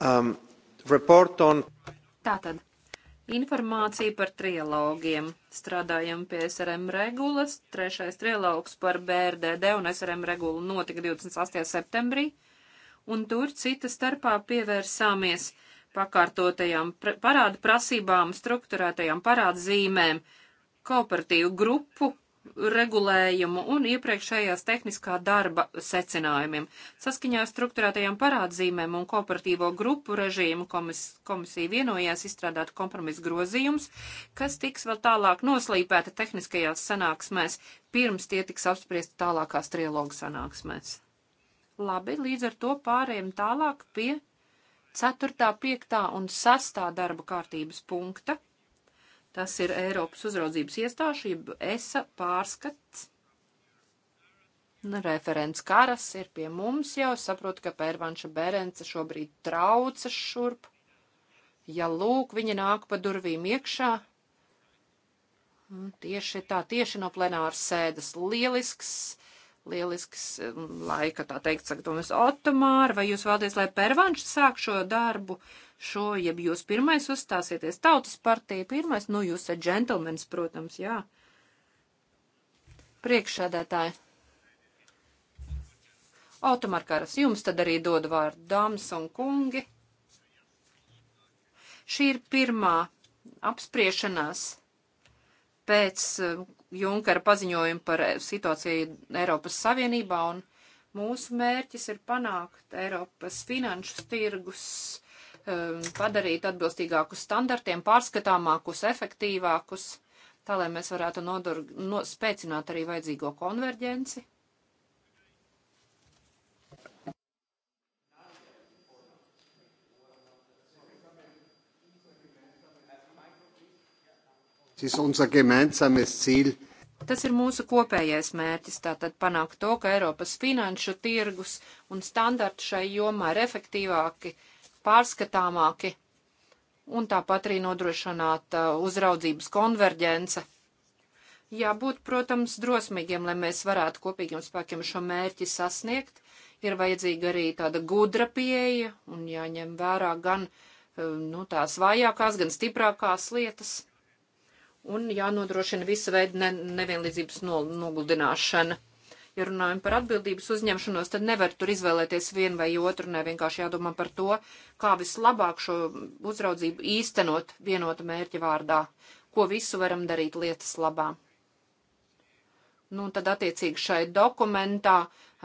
Um, on... Tātad informācija par trilogiem. Strādājam pie SRM regulas. Trešais trilogs par BRDD un SRM regulu notika 28. septembrī. Un tur cita starpā pievērsāmies pakārtotajām pr parādu prasībām, struktūrētajām parādzīmēm, kooperatīvu grupu regulējumu un iepriekšējās tehniskā darba secinājumiem. Saskaņā ar struktūrētajām parādzīmēm un kooperatīvo grupu režīmu komis, komisija vienojās izstrādāt kompromisu grozījums, kas tiks vēl tālāk noslīpēta tehniskajās sanāksmēs, pirms tie tiks apspriesti tālākās trilogu sanāksmēs. Labi, līdz ar to pārējiem tālāk pie 4., 5. un 6. darba kārtības punkta Tas ir Eiropas uzraudzības iestāšība, ESA pārskats. Nu, referents Karas ir pie mums jau, saprotu, ka Pērvanša Berence šobrīd trauca šurp. Ja lūk, viņa nāk pa durvīm iekšā. Nu, tieši tā, tieši no plenāras sēdes lielisks lielisks um, laika, tā teikt, sagatavojas Otomāra, vai jūs vēlaties, lai Pervanš sāk šo darbu, šo, jeb jūs pirmais uzstāsieties tautas partija, pirmais, nu jūs esat džentlmenis, protams, jā. Priekšsēdētāji. Otomār Karas, jums tad arī dodu vārdu, dāmas un kungi. Šī ir pirmā apspriešanās pēc um, Junkara paziņojumu par e, situāciju Eiropas Savienībā, un mūsu mērķis ir panākt Eiropas finanšu tirgus um, padarīt atbilstīgākus standartiem, pārskatāmākus, efektīvākus, tā lai mēs varētu nodur, no, spēcināt arī vajadzīgo konverģenci Tas ir mūsu kopējais mērķis, tātad panākt to, ka Eiropas finanšu tirgus un standarti šai jomā ir efektīvāki, pārskatāmāki un tāpat arī nodrošināt uh, uzraudzības konverģence. Jābūt, protams, drosmīgiem, lai mēs varētu kopīgiem spēkiem šo mērķi sasniegt. Ir vajadzīga arī tāda gudra pieeja un jāņem vērā gan uh, nu, tās vājākās, gan stiprākās lietas un jānodrošina visa veida ne, nevienlīdzības noguldināšana. Ja runājam par atbildības uzņemšanos, tad nevar tur izvēlēties vienu vai otru, ne vienkārši jādomā par to, kā vislabāk šo uzraudzību īstenot vienota mērķa vārdā, ko visu varam darīt lietas labā. Nu, tad attiecīgi šai dokumentā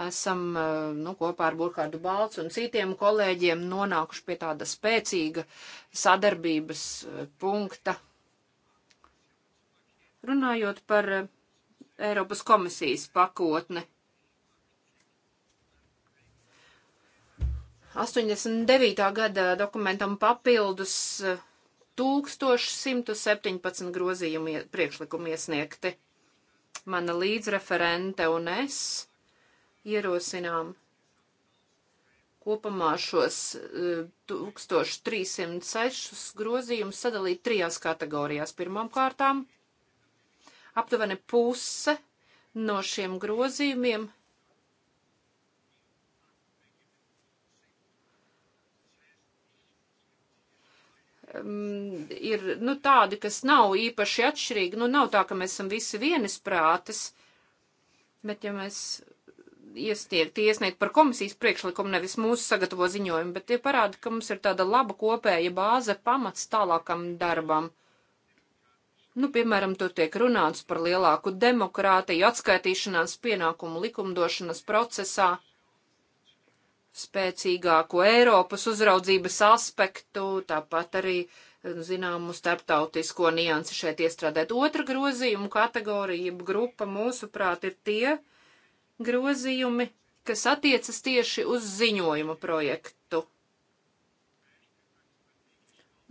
esam eh, nu, kopā ar Burkhārdu Balcu un citiem kolēģiem nonākuši pie tāda spēcīga sadarbības eh, punkta Runājot par eh, Eiropas komisijas pakotni. 89. gada dokumentam papildus 1117 eh, grozījumu priekšlikumu iesniegti. Mana līdzreferente un es ierosinām kopumā šos 1306 eh, grozījumus sadalīt trijās kategorijās. Pirmām kārtām Aptuveni puse no šiem grozījumiem ir nu, tādi, kas nav īpaši atšķirīgi. Nu, nav tā, ka mēs esam visi vienisprātis, bet ja mēs iestiegt, iesniegt par komisijas priekšlikumu, nevis mūsu sagatavo ziņojumu, bet tie parāda, ka mums ir tāda laba kopēja bāze pamats tālākam darbam. Nu, piemēram, tur tiek runāts par lielāku demokrātiju, atskaitīšanās pienākumu likumdošanas procesā, spēcīgāku Eiropas uzraudzības aspektu, tāpat arī zināmu starptautisko niansi šeit iestrādēt. Otra grozījuma kategorija, jeb grupa, mūsuprāt, ir tie grozījumi, kas attiecas tieši uz ziņojumu projektu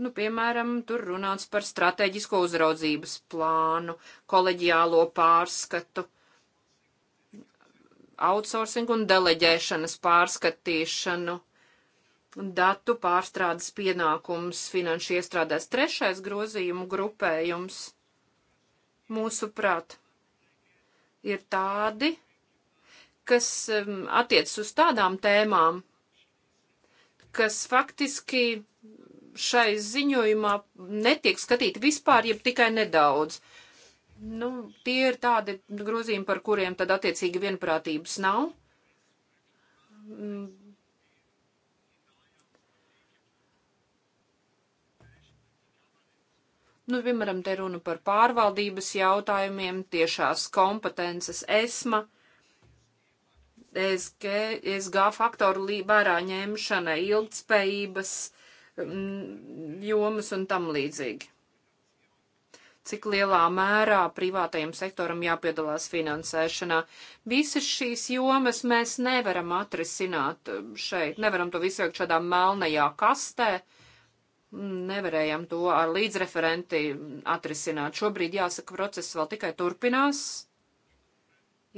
Nu, piemēram, tur runāts par strateģisko uzraudzības plānu, koleģiālo pārskatu, outsourcing un deleģēšanas pārskatīšanu, datu pārstrādes pienākums finanšu iestrādēs trešais grozījumu grupējums, mūsuprāt, ir tādi, kas um, attiec uz tādām tēmām, kas faktiski šai ziņojumā netiek skatīti vispār, jeb tikai nedaudz. Nu, tie ir tādi grozījumi, par kuriem tad attiecīgi vienprātības nav. Mm. Nu, piemēram, te runa par pārvaldības jautājumiem, tiešās kompetences esma, SG, SG faktoru vērā ņemšana, ilgtspējības Mm, jomas un tam līdzīgi. Cik lielā mērā privātajam sektoram jāpiedalās finansēšanā. Visas šīs jomas mēs nevaram atrisināt eh, šeit, nevaram to visu ielikt šādā melnajā kastē. Nevarējām to ar līdzreferenti atrisināt. Šobrīd jāsaka, process vēl tikai turpinās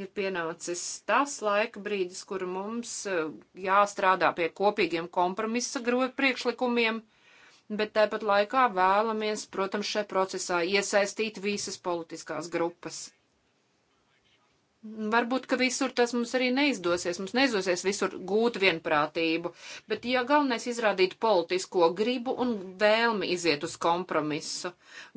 ir pienācis tas laika brīdis, kur mums eh, jāstrādā pie kopīgiem kompromisa priekšlikumiem, bet tāpat laikā vēlamies, protams, šajā procesā iesaistīt visas politiskās grupas. Varbūt, ka visur tas mums arī neizdosies. Mums neizdosies visur gūt vienprātību. Bet, ja galvenais izrādīt politisko gribu un vēlmi iziet uz kompromisu,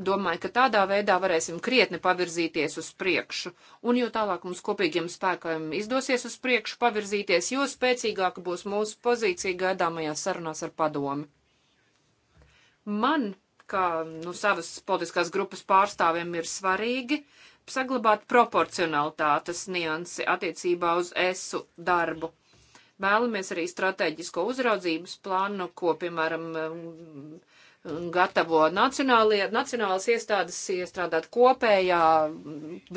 domāju, ka tādā veidā varēsim krietni pavirzīties uz priekšu. Un jo tālāk mums kopīgiem spēkiem izdosies uz priekšu pavirzīties, jo spēcīgāka būs mūsu pozīcija gaidāmajās sarunās ar padomi. Man, kā nu, savas politiskās grupas pārstāvjiem, ir svarīgi saglabāt proporcionalitātes niansi attiecībā uz esu darbu. Vēlamies arī strateģisko uzraudzības plānu, ko, piemēram, um, gatavo nacionālās iestādes iestrādāt kopējā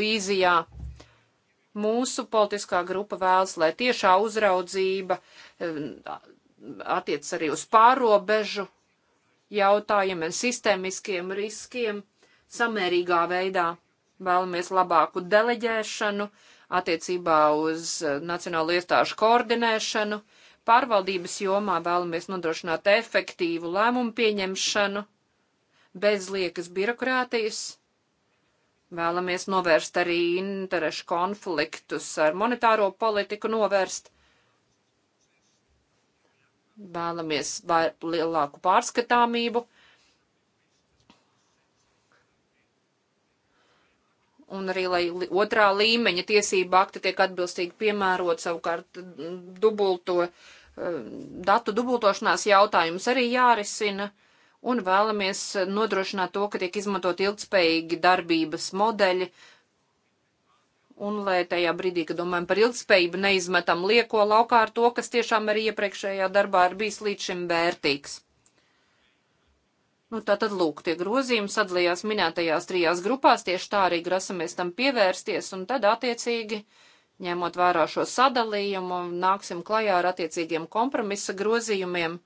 vīzijā. Mūsu politiskā grupa vēlas, lai tiešā uzraudzība um, attiec arī uz pārobežu jautājumiem, sistēmiskiem riskiem samērīgā veidā vēlamies labāku deleģēšanu attiecībā uz eh, nacionālo iestāžu koordinēšanu, pārvaldības jomā vēlamies nodrošināt efektīvu lēmumu pieņemšanu bez liekas birokrātijas. Vēlamies novērst arī interešu konfliktus ar monetāro politiku novērst. Vēlamies lielāku pārskatāmību un arī, lai otrā līmeņa tiesība akti tiek atbilstīgi piemērot savukārt mm, dubulto, eh, datu dubultošanās jautājums arī jārisina, un vēlamies nodrošināt to, ka tiek izmantot ilgspējīgi darbības modeļi, un lai tajā brīdī, kad domājam par ilgspējību, neizmetam lieko laukā ar to, kas tiešām arī iepriekšējā darbā ir bijis līdz šim vērtīgs. Nu, tā tad lūk, tie grozījumi sadalījās minētajās trijās grupās, tieši tā arī grasamies tam pievērsties, un tad attiecīgi, ņemot vērā šo sadalījumu, nāksim klajā ar attiecīgiem kompromisa grozījumiem,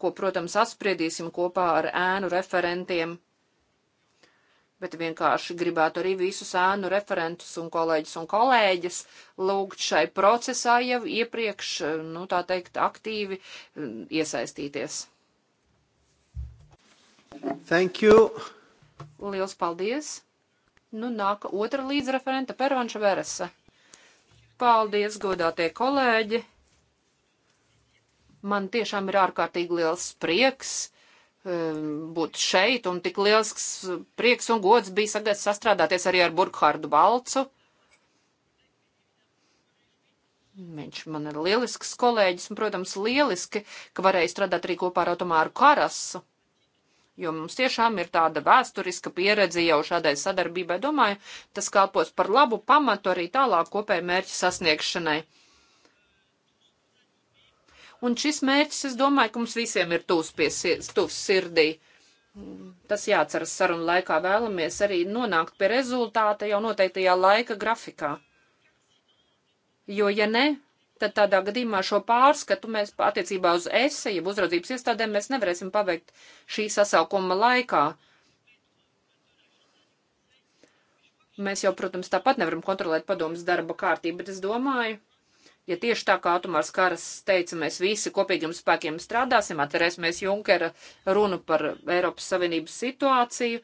ko, protams, apspriedīsim kopā ar ēnu referentiem. Bet vienkārši gribētu arī visus ēnu referentus un kolēģus un kolēģis lūgt šai procesā jau iepriekš, nu tā teikt, aktīvi mm, iesaistīties. Thank you! Lielas paldies! Nu, nāk otra līdzreferenta Pervanša Veresa. Paldies, godātie kolēģi! Man tiešām ir ārkārtīgi liels prieks um, būt šeit, un tik liels prieks un gods bija sagad sastrādāties arī ar Burkhārdu Balcu. Viņš man ir lielisks kolēģis, un, protams, lieliski, ka varēja strādāt arī kopā ar Automāru Karasu jo mums tiešām ir tāda vēsturiska pieredze jau šādai sadarbībai. Domāju, tas kalpos par labu pamatu arī tālāk kopēju mērķu sasniegšanai. Un šis mērķis, es domāju, ka mums visiem ir tūs, pie, tūs sirdī. Tas jāatceras sarunu laikā. Vēlamies arī nonākt pie rezultāta jau noteiktajā laika grafikā. Jo, ja ne, tad tādā gadījumā šo pārskatu mēs attiecībā uz ESA, jeb uzraudzības iestādēm, mēs nevarēsim paveikt šī sasaukuma laikā. Mēs jau, protams, tāpat nevaram kontrolēt padomus darba kārtību, bet es domāju, ja tieši tā kā Atomārs Kāras teica, mēs visi kopīgiem spēkiem strādāsim, atcerēsimies Junkera runu par Eiropas Savienības situāciju,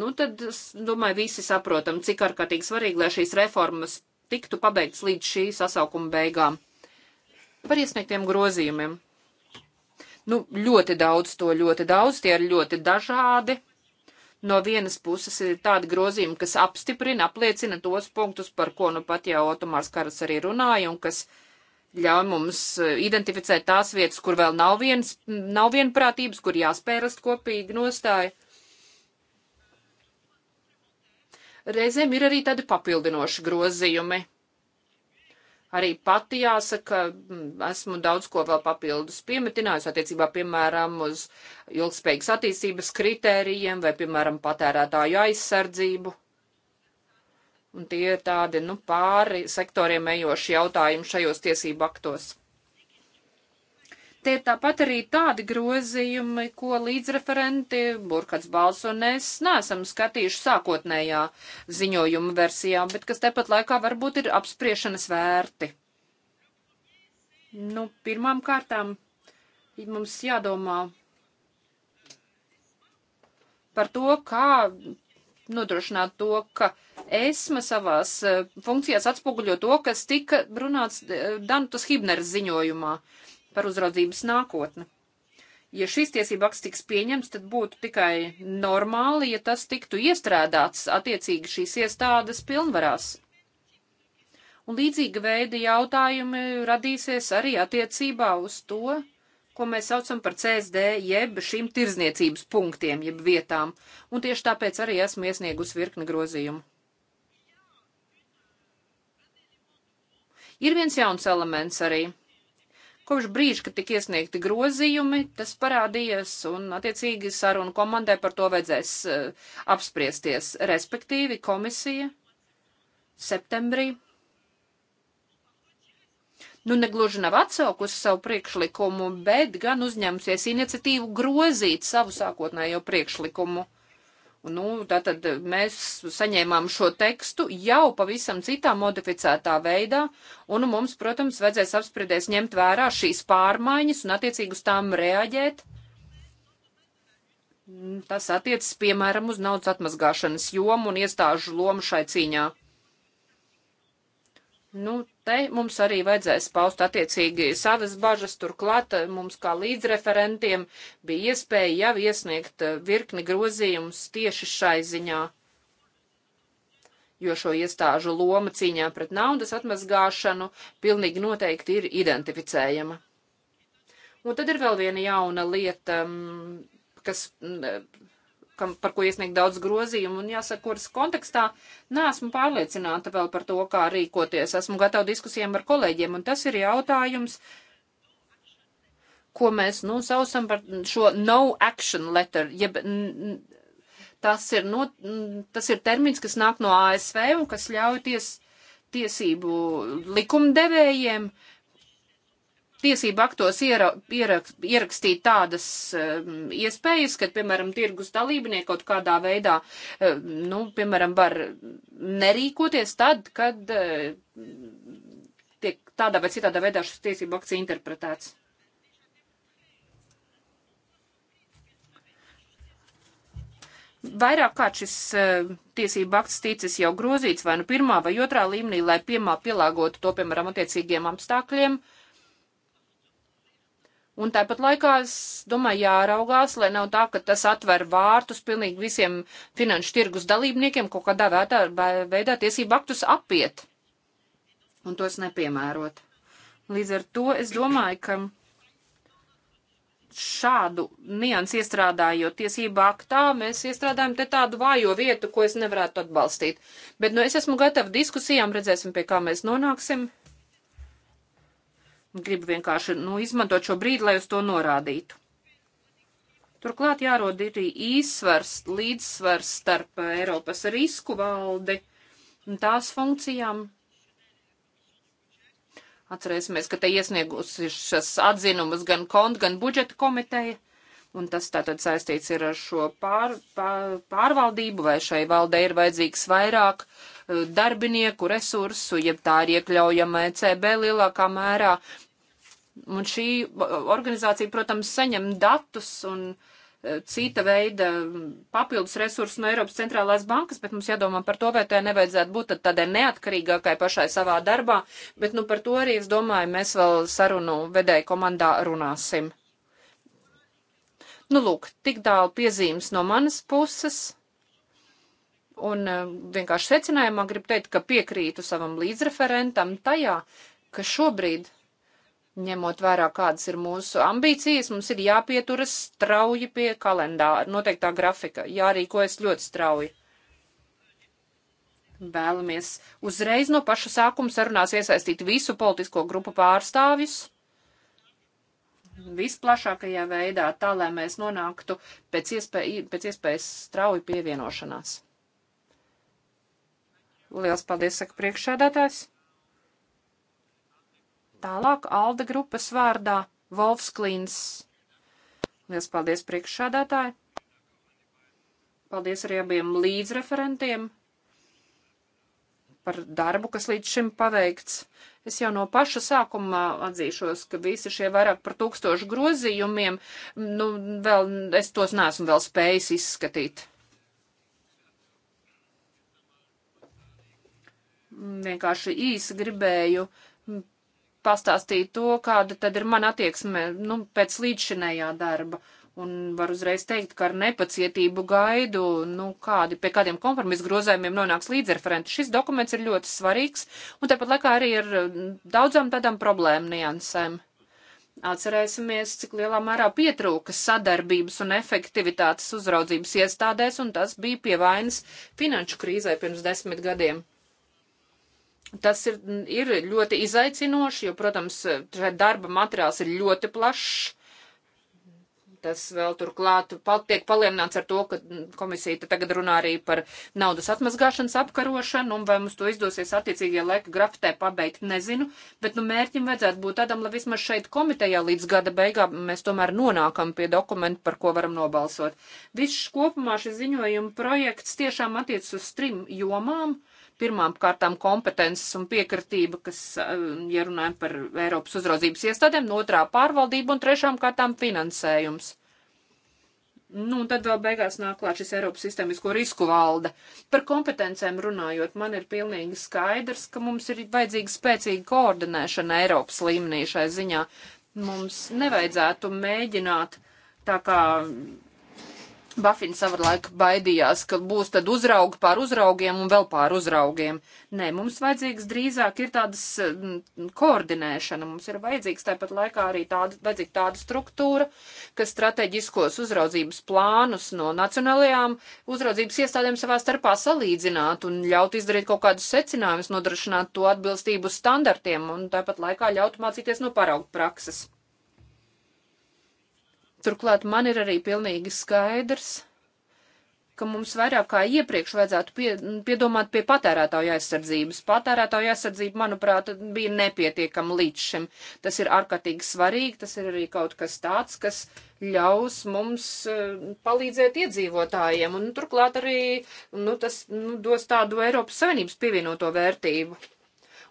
nu tad, domāju, visi saprotam, cik ārkārtīgi svarīgi, lai šīs reformas tiktu pabeigts līdz šī sasaukuma beigām. Par iesniegtiem grozījumiem. Nu, ļoti daudz to, ļoti daudz, tie ir ļoti dažādi. No vienas puses ir tādi grozījumi, kas apstiprina, apliecina tos punktus, par ko nu pat jau Otomārs Karas arī runāja un kas ļauj mums eh, identificēt tās vietas, kur vēl nav, viens, nav vienprātības, kur jāspērast kopīgi nostāja. Reizēm ir arī tādi papildinoši grozījumi Arī pati jāsaka, esmu daudz ko vēl papildus piemetinājusi attiecībā, piemēram, uz ilgspējīgas attīstības kritērijiem vai, piemēram, patērētāju aizsardzību. Un tie ir tādi, nu, pāri sektoriem ejoši jautājumi šajos tiesību aktos. Tie tāpat arī tādi grozījumi, ko līdzreferenti Burkats Bals un es neesam skatījuši sākotnējā ziņojuma versijā, bet kas tepat laikā varbūt ir apspriešanas vērti. Nu, pirmām kārtām mums jādomā par to, kā nodrošināt to, ka esma savās eh, funkcijās atspoguļo to, kas tika runāts eh, Danutas Hibneres ziņojumā. Uh, par uzraudzības nākotni. Ja šis tiesība akts tiks pieņemts, tad būtu tikai normāli, ja tas tiktu iestrādāts attiecīgi šīs iestādes pilnvarās. Un līdzīga veida jautājumi radīsies arī attiecībā uz to, ko mēs saucam par CSD, jeb šīm tirzniecības punktiem, jeb vietām. Un tieši tāpēc arī esmu iesniegusi virkni grozījumu. Ir viens jauns elements arī Kopš brīža, kad tika iesniegti grozījumi, tas parādījās un, attiecīgi, sarunu komandai par to vajadzēs uh, apspriesties, respektīvi komisija septembrī. Nu, negluži nav atsaukusi savu priekšlikumu, bet gan uzņēmusies iniciatīvu grozīt savu sākotnējo priekšlikumu. Nu, tātad mēs saņēmām šo tekstu jau pavisam citā modificētā veidā, un mums, protams, vajadzēs apspriedēs ņemt vērā šīs pārmaiņas un attiecīgi uz tām reaģēt. Tas attiecas, piemēram, uz naudas atmazgāšanas jomu un iestāžu lomu šai cīņā. Nu, te mums arī vajadzēs paust attiecīgi savas bažas. Turklāt eh, mums kā līdzreferentiem bija iespēja jau iesniegt eh, virkni grozījumus tieši šai ziņā. Jo šo iestāžu loma cīņā pret naudas atmazgāšanu pilnīgi noteikti ir identificējama. Un tad ir vēl viena jauna lieta, mm, kas mm, kam, par ko iesniegt daudz grozījumu, un jāsaka, kuras kontekstā neesmu pārliecināta vēl par to, kā rīkoties. Esmu gatava diskusijām ar kolēģiem, un tas ir jautājums, ko mēs nosaucam nu, par šo no action letter, jeb tas ir, no, tas ir termins, kas nāk no ASV un kas ļauj ties, tiesību likumdevējiem uh, tiesību aktos iera, ierak, ierakstīt tādas um, iespējas, ka, piemēram, tirgus dalībnieki kaut kādā veidā, uh, nu, piemēram, var nerīkoties tad, kad uh, tiek tādā vai citādā veidā šis tiesību akts interpretēts. Vairāk kā šis uh, tiesība akts ticis jau grozīts vai nu pirmā vai otrā līmenī, lai piemā pielāgotu to, piemēram, attiecīgiem apstākļiem, uh, Un tāpat laikā es domāju, jāraugās, lai nav tā, ka tas atver vārtus pilnīgi visiem finanšu tirgus dalībniekiem kaut kādā veidā, veidā tiesību aktus apiet un tos nepiemērot. Līdz ar to es domāju, ka šādu niansu iestrādājot tiesību aktā, mēs iestrādājam te tādu vājo vietu, ko es nevarētu atbalstīt. Bet, nu, es esmu gatava diskusijām, redzēsim, pie kā mēs nonāksim. Gribu vienkārši nu, izmantot šo brīdi, lai uz to norādītu. Turklāt jārod ir īsvars, līdzsvars starp Eiropas risku valdi un tās funkcijām. Atcerēsimies, ka te iesniegusies atzinumus gan kont, gan budžeta komiteja Un tas tātad saistīts ir ar šo pār, pār, pārvaldību, vai šai valdē ir vajadzīgs vairāk e, darbinieku resursu, ja tā ir iekļaujama ECB lielākā mērā. Un šī organizācija, protams, saņem datus un e, cita veida papildus resursu no Eiropas centrālās bankas, bet mums jādomā par to, vai tai nevajadzētu būt tādai neatkarīgākai pašai savā darbā, bet nu par to arī, es domāju, mēs vēl sarunu vedēju komandā runāsim. Nu, lūk, tik tālu piezīmes no manas puses. Un eh, vienkārši secinājumā gribu teikt, ka piekrītu savam līdzreferentam tajā, ka šobrīd ņemot vērā, kādas ir mūsu ambīcijas, mums ir jāpieturas strauji pie kalendāra, noteiktā grafika, jārīkojas ļoti strauji. Vēlamies uzreiz no paša sākuma sarunās iesaistīt visu politisko grupu pārstāvjus visplašākajā veidā, tā lai mēs nonāktu pēc, iespēj, pēc iespējas strauji pievienošanās. Liels paldies, saka priekšsēdētājs. Tālāk Alda grupas vārdā Volfs Klīns. Liels paldies priekšsādātāji. Paldies arī abiem līdzreferentiem par darbu, kas līdz šim paveikts. Es jau no paša sākuma atzīšos, ka visi šie vairāk par tūkstošu grozījumiem, nu, vēl es tos neesmu vēl spējis izskatīt. Vienkārši īsi gribēju pastāstīt to, kāda tad ir mana attieksme, nu, pēc līdzšinējā darba. Uh, Un var uzreiz teikt, ka ar nepacietību gaidu, nu, kādi, pie kādiem kompromisu grozējumiem nonāks līdzreferenti. Šis dokuments ir ļoti svarīgs, un tāpat laikā arī ir daudzām tādām problēmu niansēm. Atcerēsimies, cik lielā mērā pietrūka sadarbības un efektivitātes uzraudzības iestādēs, un tas bija pie vainas finanšu krīzē pirms desmit gadiem. Tas ir, ir ļoti izaicinoši, jo, protams, darba materiāls ir ļoti plašs. Tas vēl turklāt pal tiek palielināts ar to, ka komisija tagad runā arī par naudas atmazgāšanas apkarošanu, un vai mums to izdosies attiecīgajā laika graftē pabeigt, nezinu, bet nu mērķim vajadzētu būt tādam, lai vismaz šeit komitejā līdz gada beigām mēs tomēr nonākam pie dokumentu, par ko varam nobalsot. Viss kopumā šis ziņojuma projekts tiešām attiec uz trim jomām pirmām kārtām kompetences un piekritība, kas, ja runājam par Eiropas uzraudzības iestādēm, no otrā pārvaldība un trešām kārtām finansējums. Nu, un tad vēl beigās nāk klāt šis Eiropas sistēmisko risku valde. Par kompetencēm runājot, man ir pilnīgi skaidrs, ka mums ir vajadzīga spēcīga koordinēšana Eiropas līmenī šai ziņā. Mums nevajadzētu mēģināt tā kā Bafins savulaik baidījās, ka būs tad uzraugi pār uzraugiem un vēl pār uzraugiem. Nē, mums vajadzīgs drīzāk ir tādas mm, koordinēšana, mums ir vajadzīgs tāpat laikā arī tāda, vajadzīga tāda struktūra, kas strateģiskos uzraudzības plānus no nacionālajām uzraudzības iestādēm savā starpā salīdzinātu un ļautu izdarīt kaut kādus secinājumus, nodrošināt to atbilstību standartiem un tāpat laikā ļautu mācīties no paraugu prakses. Turklāt man ir arī pilnīgi skaidrs, ka mums vairāk kā iepriekš vajadzētu pie, piedomāt pie patērētāju aizsardzības. Patērētāju aizsardzība, manuprāt, bija nepietiekama līdz šim. Tas ir ārkārtīgi svarīgi, tas ir arī kaut kas tāds, kas ļaus mums e, palīdzēt iedzīvotājiem, un turklāt arī nu, tas nu, dos tādu Eiropas Savienības pievienoto vērtību.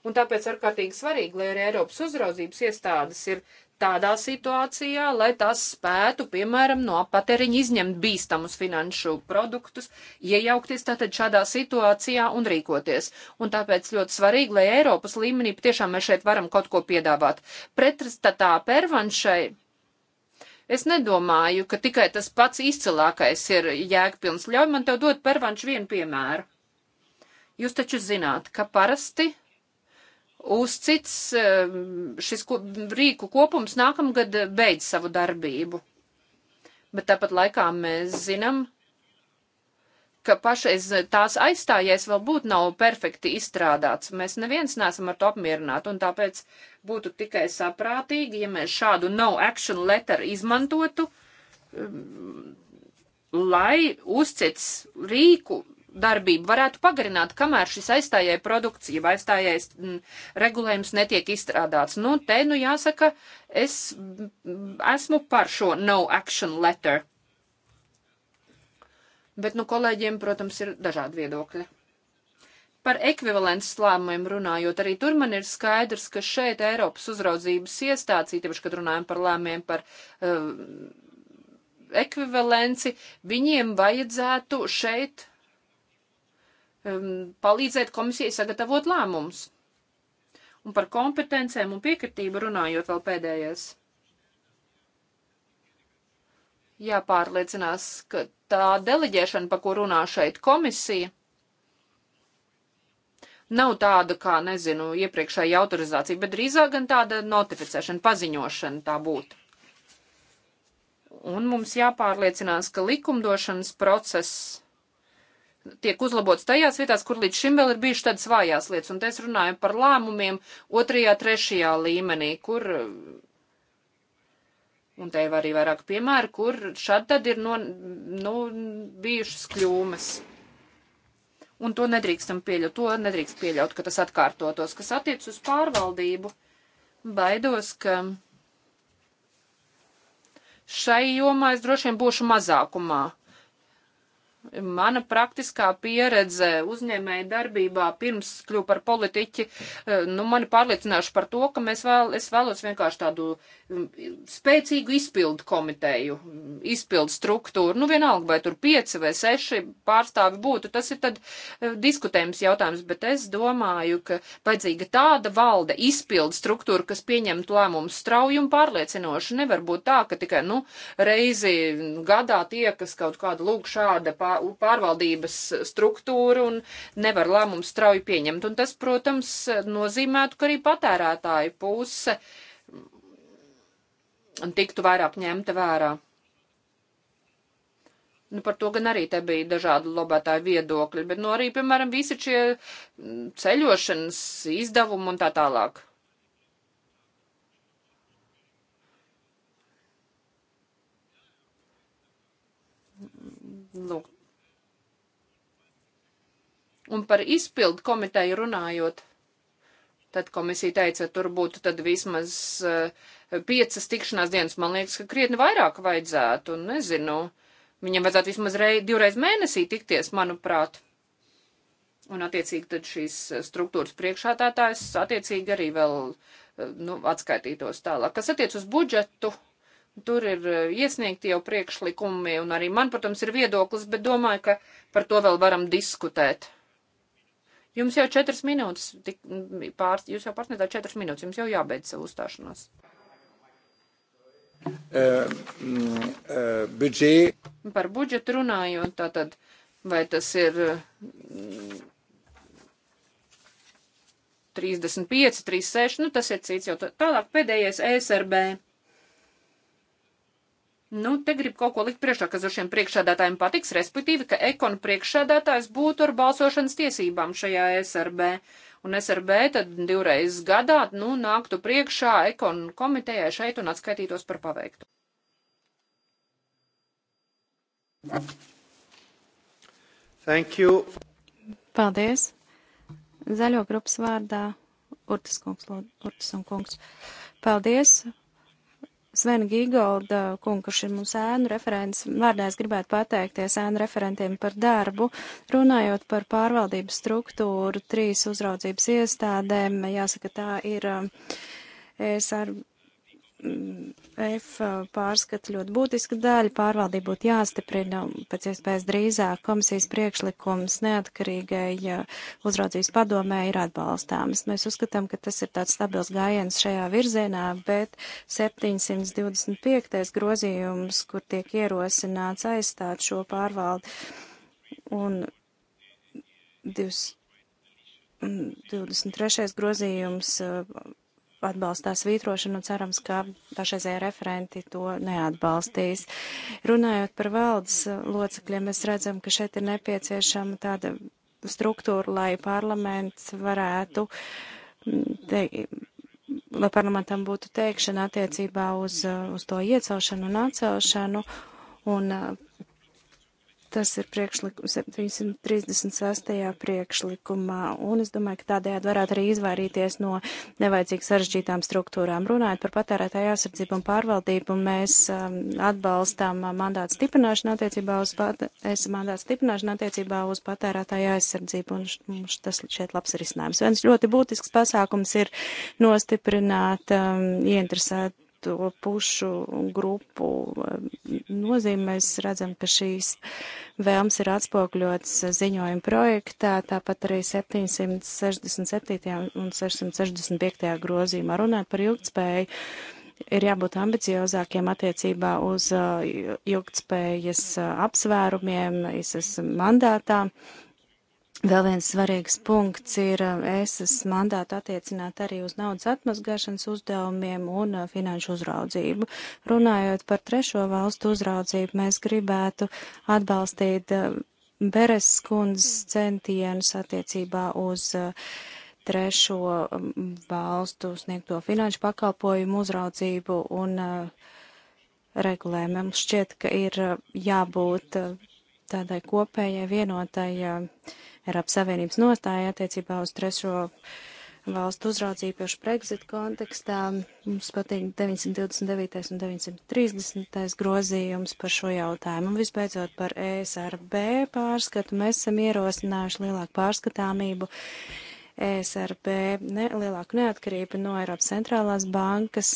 Un tāpēc ārkārtīgi svarīgi, lai arī Eiropas uzraudzības iestādes ir tādā situācijā, lai tās spētu, piemēram, no patēriņa izņemt bīstamus finanšu produktus, iejaukties tātad šādā situācijā un rīkoties. Un tāpēc ļoti svarīgi, lai Eiropas līmenī patiešām mēs šeit varam kaut ko piedāvāt. Pretstatā pervanšai. Es nedomāju, ka tikai tas pats izcilākais ir jēgpilns. Ļauj man tev dot pervanšu vienu piemēru. Jūs taču zināt, ka parasti Uzcits eh, šis ko, rīku kopums nākamgad beidz savu darbību. Bet tāpat laikā mēs zinām, ka pašais tās aizstājies vēl būtu nav perfekti izstrādāts. Mēs neviens neesam ar to apmierināti, un tāpēc būtu tikai saprātīgi, ja mēs šādu no action letter izmantotu, eh, lai uzcits rīku darbību varētu pagarināt, kamēr šis aizstājai produkts, jeb aizstājais mm, regulējums netiek izstrādāts. Nu, te, nu jāsaka, es mm, esmu par šo no action letter. Bet, nu, kolēģiem, protams, ir dažādi viedokļi. Par ekvivalents slēmumiem runājot, arī tur man ir skaidrs, ka šeit Eiropas uzraudzības iestācija, tieši, kad runājam par lēmiem par uh, ekvivalenci, viņiem vajadzētu šeit um, palīdzēt komisijai sagatavot lēmumus. Un par kompetencēm un piekritību runājot vēl pēdējais. Jāpārliecinās, ka tā deleģēšana, pa ko runā šeit komisija, nav tāda, kā, nezinu, iepriekšēja autorizācija, bet drīzāk gan tāda notificēšana, paziņošana tā būtu. Un mums jāpārliecinās, ka likumdošanas process tiek uzlabots tajās vietās, kur līdz šim vēl ir bijušas tādas vājās lietas. Un te es runāju par lēmumiem otrajā, trešajā līmenī, kur. Un te jau arī vairāk piemēru, kur šad tad ir no, nu, bijušas kļūmes. Un to nedrīkstam pieļaut, to nedrīkst pieļaut, ka tas atkārtotos, kas attiec uz pārvaldību. Baidos, ka šai jomā es droši vien būšu mazākumā Mana praktiskā pieredze uzņēmēja darbībā pirms kļuvu par politiķi, eh, nu, mani pārliecināšu par to, ka mēs vēl, es vēlos vienkārši tādu mm, spēcīgu izpildu komiteju, mm, izpildu struktūru. Nu, vienalga, vai tur pieci vai seši pārstāvi būtu, tas ir tad eh, diskutējums jautājums, bet es domāju, ka vajadzīga tāda valde, izpildu struktūra, kas pieņemtu lēmumus strauju un pārliecinoši. Nevar būt tā, ka tikai, nu, reizi gadā tie, kas kaut kādu lūk šāda pārstāvi, pārvaldības struktūru un nevar lēmumu strauji pieņemt. Un tas, protams, nozīmētu, ka arī patērētāju puse tiktu vairāk ņemta vērā. Nu, par to gan arī te bija dažādi lobētāji viedokļi, bet nu no arī, piemēram, visi šie mm, ceļošanas izdevumi un tā tālāk. Lūk, Un par izpildu komiteju runājot, tad komisija teica, tur būtu tad vismaz eh, piecas tikšanās dienas. Man liekas, ka krietni vairāk vajadzētu, un nezinu, viņam vajadzētu vismaz rei, divreiz mēnesī tikties, manuprāt. Un attiecīgi tad šīs eh, struktūras priekšādātājs attiecīgi arī vēl, eh, nu, atskaitītos tālāk. Kas attiec uz budžetu, Tur ir iesniegti jau priekšlikumi, un arī man, protams, ir viedoklis, bet domāju, ka par to vēl varam diskutēt. Jums jau četras minūtes, tik, pār, jūs jau pārsniedzāt četras minūtes, jums jau jābeidz savu uzstāšanos. Uh, uh, budžet. Par budžetu runājot, tātad, vai tas ir 35, 36, nu tas ir cits jau tālāk pēdējais ESRB. Nu, te grib kaut ko likt priekšā, kas ar šiem priekšādātājiem patiks, respektīvi, ka ekonu priekšādātājs būtu ar balsošanas tiesībām šajā SRB. Un SRB tad divreiz gadā, nu, nāktu priekšā ekonu komitejai šeit un atskaitītos par paveiktu. Thank you. Paldies. Zaļo grupas vārdā Urtas kungs, Urtas un kungs. Paldies Svena Gīgolda kunga, kurš ir mums ēnu referents, vārdā es gribētu pateikties ēnu referentiem par darbu. Runājot par pārvaldības struktūru, trīs uzraudzības iestādēm, jāsaka, tā ir. Eh, es ar F uh, pārskata ļoti būtiska daļa. Pārvaldība būtu jāstiprina pēc iespējas drīzāk. Komisijas priekšlikums neatkarīgai ja uzraudzības padomē ir atbalstāms. Mēs uzskatām, ka tas ir tāds stabils gājiens šajā virzienā, bet 725. grozījums, kur tiek ierosināts aizstāt šo pārvaldi un 23. grozījums uh, atbalstā svītrošanu un cerams, ka pašreizējā referenti to neatbalstīs. Runājot par valdes locekļiem, mēs redzam, ka šeit ir nepieciešama tāda struktūra, lai parlaments varētu, mm, te, lai parlamentam būtu teikšana attiecībā uz, uz to iecelšanu un atcelšanu. Un Tas ir priekšlikums 736. priekšlikumā, un es domāju, ka tādējādi varētu arī izvairīties no nevajadzīgi sarežģītām struktūrām. Runājot par patērētāju aizsardzību un pārvaldību, mēs um, atbalstām uh, mandātu stiprināšanu attiecībā uz, pat, es mandātu stiprināšanu attiecībā uz patērētāju aizsardzību, un š, tas šeit labs risinājums. Viens ļoti būtisks pasākums ir nostiprināt um, ieinteresēt to pušu grupu nozīmi mēs redzam, ka šīs vēlms ir atspokļots ziņojuma projektā, tāpat arī 767. un 665. grozījumā runāt par ilgtspēju. Ir jābūt ambiciozākiem attiecībā uz uh, ilgtspējas uh, apsvērumiem, ISS mandātā, Vēl viens svarīgs punkts ir ESAS mandāta attiecināt arī uz naudas atmazgāšanas uzdevumiem un finanšu uzraudzību. Runājot par trešo valstu uzraudzību, mēs gribētu atbalstīt Beres kundzes centienus attiecībā uz trešo valstu sniegto finanšu pakalpojumu uzraudzību un regulējumu. Mums šķiet, ka ir jābūt tādai kopējai vienotai Eiropas Savienības nostāja attiecībā uz trešo valstu uzraudzību pieši Brexit kontekstā. Mums patīk 929. un 930. grozījums par šo jautājumu. Un visbeidzot par ESRB pārskatu mēs esam ierosinājuši lielāku pārskatāmību. ESRB ne, lielāku neatkarību no Eiropas centrālās bankas,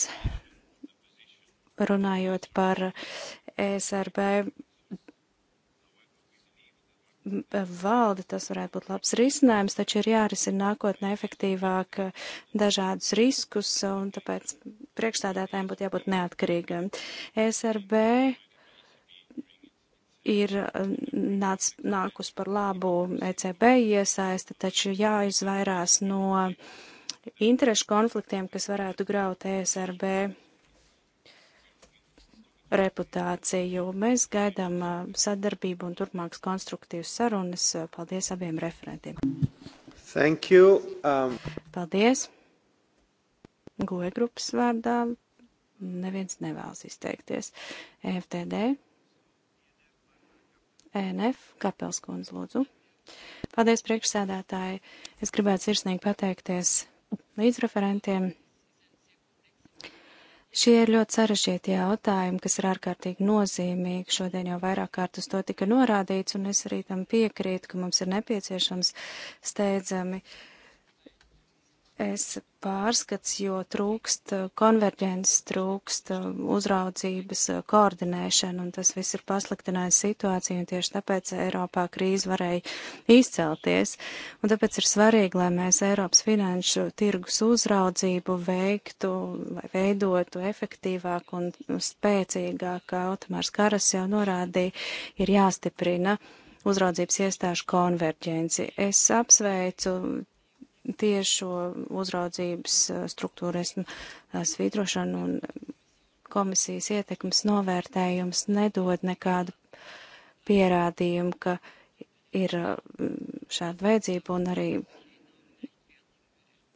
runājot par ESRB valde, tas varētu būt labs risinājums, taču ir jārisina nākotnē efektīvāk dažādus riskus, un tāpēc priekšstādātājiem būtu jābūt neatkarīgiem. E SRB ir um, nāc, nākus par labu ECB iesaista, taču jāizvairās no interešu konfliktiem, kas varētu graut ESRB reputāciju. Mēs gaidām sadarbību un turpmākas konstruktīvas sarunas. Paldies abiem referentiem. Thank you. Um... Paldies. Goja grupas vārdā neviens nevēlas izteikties. EFTD. ENF. Kapelskundz, lūdzu. Paldies, priekšsēdētāji. Es gribētu sirsnīgi pateikties līdzreferentiem Šie ir ļoti sarežģīti jautājumi, kas ir ārkārtīgi nozīmīgi. Šodien jau vairāk kārt uz to tika norādīts, un es arī tam piekrītu, ka mums ir nepieciešams steidzami uh, es pārskats, jo trūkst eh, konverģences, trūkst eh, uzraudzības eh, koordinēšana, un tas viss ir pasliktinājis situāciju, un tieši tāpēc Eiropā krīze varēja izcelties. Un tāpēc ir svarīgi, lai mēs Eiropas finanšu tirgus uzraudzību veiktu, lai veidotu efektīvāk un spēcīgāk, kā Automārs Karas jau norādīja, ir jāstiprina uzraudzības iestāžu konverģenci. Es apsveicu tiešo uzraudzības struktūru esmu svītrošanu un komisijas ietekmes novērtējums nedod nekādu pierādījumu, ka ir šāda vajadzība un arī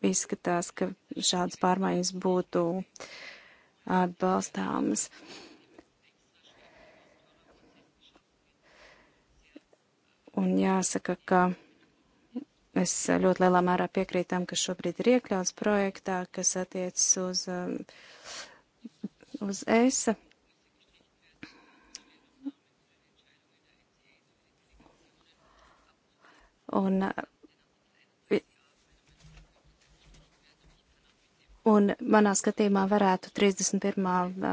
izskatās, ka šādas pārmaiņas būtu atbalstāmas. Un jāsaka, ka Mēs eh, ļoti lielā mērā piekrītam, kas šobrīd ir iekļauts projektā, kas attiecas uz, eh, uz ESA. Un, eh, un manā skatījumā varētu 31.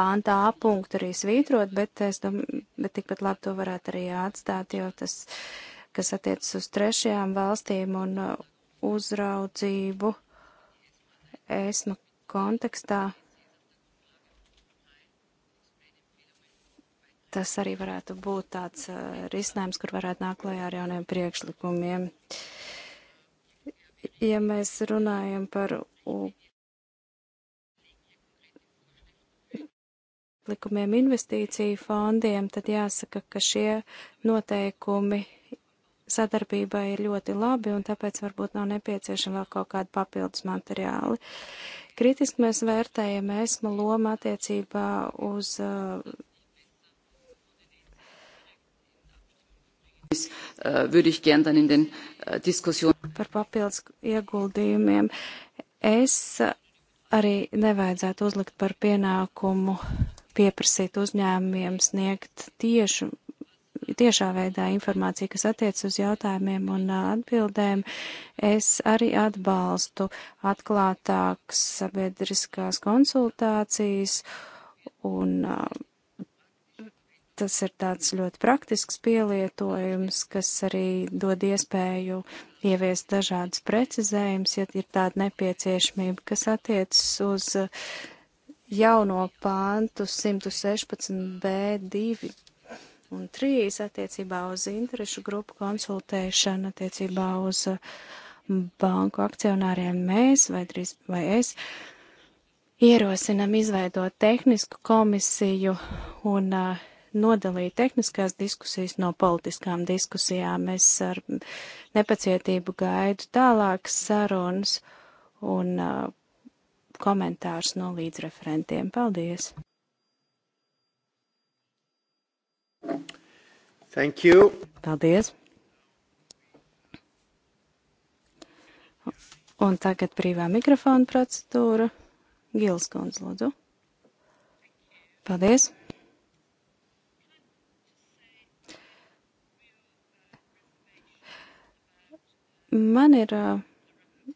pāntā apunktu arī svītrot, bet, es domāju, bet tikpat labi to varētu arī atstāt, jo tas. Uh, kas attiecas uz trešajām valstīm un uh, uzraudzību esmu kontekstā. Tas arī varētu būt tāds uh, risinājums, kur varētu nākt klajā ar jauniem priekšlikumiem. Ja mēs runājam par likumiem investīciju fondiem, tad jāsaka, ka šie noteikumi sadarbībai ir ļoti labi, un tāpēc varbūt nav nepieciešama vēl kaut kāda papildus materiāli. Kritiski mēs vērtējam esmu lomu attiecībā uz. Uh, uh, par papildus ieguldījumiem. Es arī nevajadzētu uzlikt par pienākumu pieprasīt uzņēmumiem sniegt tiešu tiešā veidā informāciju, kas attiec uz jautājumiem un uh, atbildēm. Es arī atbalstu atklātāks sabiedriskās konsultācijas un uh, tas ir tāds ļoti praktisks pielietojums, kas arī dod iespēju ieviest dažādas precizējumus, ja ir tāda nepieciešamība, kas attiecas uz jauno pāntu 116b2 un 3 attiecībā uz interešu grupu konsultēšanu, attiecībā uz mm, banku akcionāriem mēs vai, drīz, vai es ierosinam izveidot tehnisku komisiju un uh, nodalīt tehniskās diskusijas no politiskām diskusijām. Es ar nepacietību gaidu tālākas sarunas un uh, komentārus no līdzreferentiem. Paldies! Thank you. Paldies. Un tagad brīvā mikrofona procedūra. Gils Kundz, lūdzu. Paldies. Man ir uh,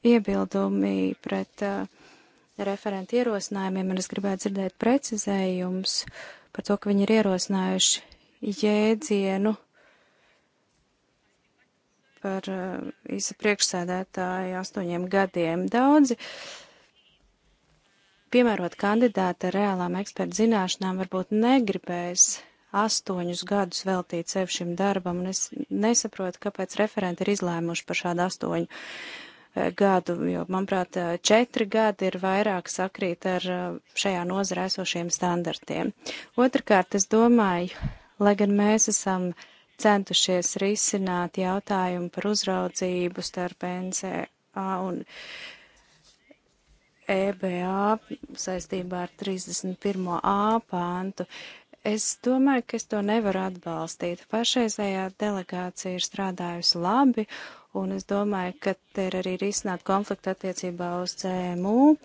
iebildumi pret uh, referentu ierosinājumiem, un es gribētu dzirdēt precizējums par to, ka viņi ir ierosinājuši jēdzienu par uh, īsa priekšsēdētāju astoņiem gadiem. Daudzi piemērot kandidāta reālām ekspertu zināšanām varbūt negribēs astoņus gadus veltīt sev šim darbam, un es nesaprotu, kāpēc referenti ir izlēmuši par šādu astoņu uh, gadu, jo, manuprāt, uh, četri gadi ir vairāk sakrīt ar šajā nozarē esošiem standartiem. Otrakārt, es domāju, Lai gan mēs esam centušies risināt jautājumu par uzraudzību starp NCA un EBA saistībā ar 31. A pāntu, es domāju, ka es to nevaru atbalstīt. Pašreizējā delegācija ir strādājusi labi, un es domāju, ka te ir arī risināt konfliktu attiecībā uz CMU. Uh,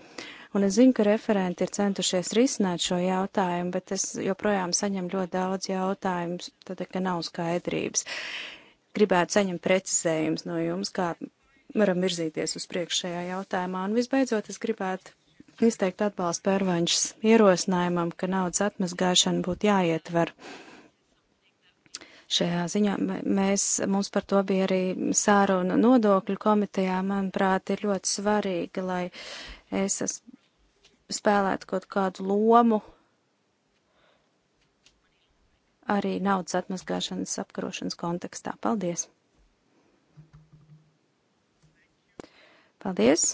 Un es zinu, ka referenti ir centušies risināt šo jautājumu, bet es joprojām saņemu ļoti daudz jautājumus, tad, ka nav skaidrības. Gribētu saņemt precizējums no jums, kā varam virzīties uz priekšu šajā jautājumā. Un visbeidzot, es gribētu izteikt atbalstu pērvanšas ierosinājumam, ka naudas atmazgāšana būtu jāietver. Šajā ziņā mēs, mums par to bija arī sāruna nodokļu komitejā, manuprāt, ir ļoti svarīgi, lai es spēlētu kaut kādu lomu arī naudas atmazgāšanas apkarošanas kontekstā. Paldies! Paldies!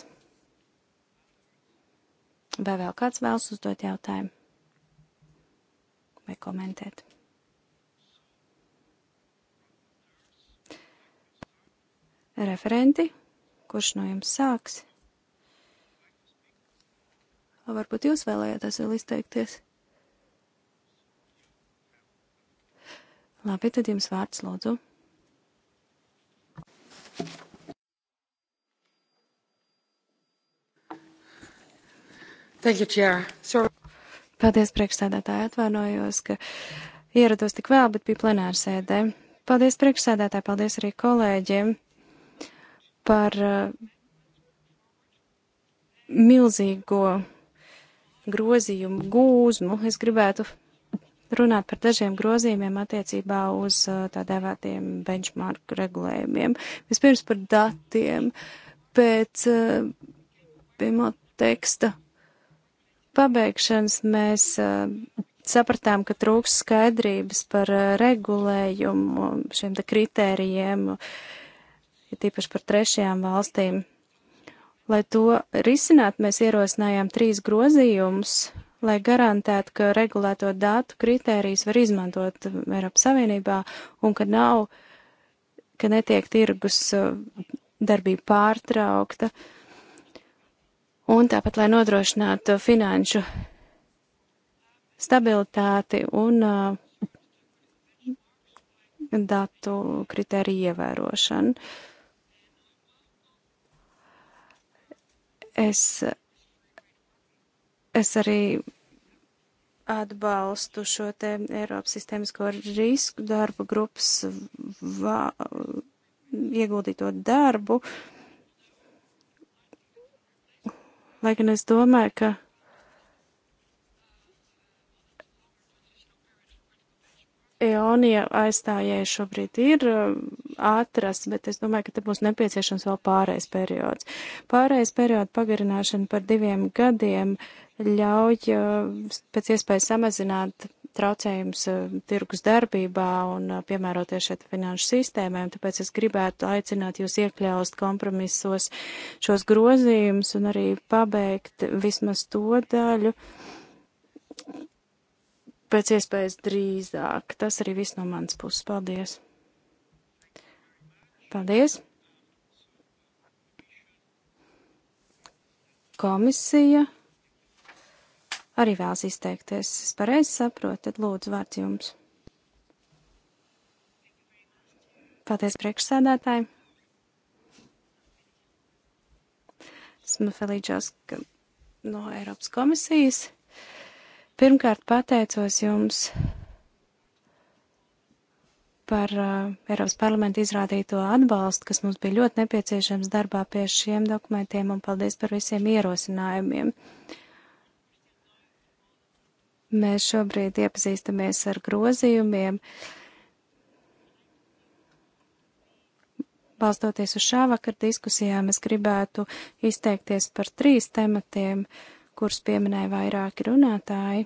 Vai vēl kāds vēlas uzdot jautājumu vai komentēt? Referenti, kurš no jums sāks? Varbūt jūs vēlējāties vēl izteikties. Labi, tad jums vārds lūdzu. Thank you, Chair. Sorry. Paldies, priekšsēdētāji, atvainojos, ka ierados tik vēl, bet bija plenāra sēdē. Paldies, priekšsēdētāji, paldies arī kolēģiem par uh, milzīgo grozījumu gūzmu. Es gribētu runāt par dažiem grozījumiem attiecībā uz uh, tā dēvētiem benchmark regulējumiem. Vispirms par datiem. Pēc uh, pirmā teksta pabeigšanas mēs uh, sapratām, ka trūks skaidrības par regulējumu šiem te kritērijiem, ja tīpaši par trešajām valstīm. Lai to risinātu, mēs ierosinājām trīs grozījumus, lai garantētu, ka regulēto datu kritērijas var izmantot Eiropas Savienībā un ka nav, ka netiek tirgus uh, darbība pārtraukta. Un tāpat, lai nodrošinātu finanšu stabilitāti un uh, datu kritēriju ievērošanu. Uh, Es, es arī atbalstu šo te Eiropas sistēmisko risku darba grupas vā, ieguldīto darbu. Lai gan es domāju, ka Eonija aizstājēji šobrīd ir um, atras, bet es domāju, ka te būs nepieciešams vēl pārējais periods. Pārējais periodu pagarināšana par diviem gadiem ļauj um, pēc iespējas samazināt traucējums um, tirgus darbībā un uh, piemēroties šeit finanšu sistēmēm, tāpēc es gribētu aicināt jūs iekļaust kompromisos šos grozījumus un arī pabeigt vismaz to daļu pēc iespējas drīzāk. Tas arī viss no manas puses. Paldies! Paldies! Komisija arī vēlas izteikties. Es pareizi saprotu, tad lūdzu vārds jums. Paldies priekšsēdētāji! Esmu Felīdžos no Eiropas komisijas. Pirmkārt, pateicos jums par uh, Eiropas parlamentu izrādīto atbalstu, kas mums bija ļoti nepieciešams darbā pie šiem dokumentiem, un paldies par visiem ierosinājumiem. Mēs šobrīd iepazīstamies ar grozījumiem. Balstoties uz šā vakar diskusijām, es gribētu izteikties par trīs tematiem. Uh, kurus pieminēja vairāki runātāji.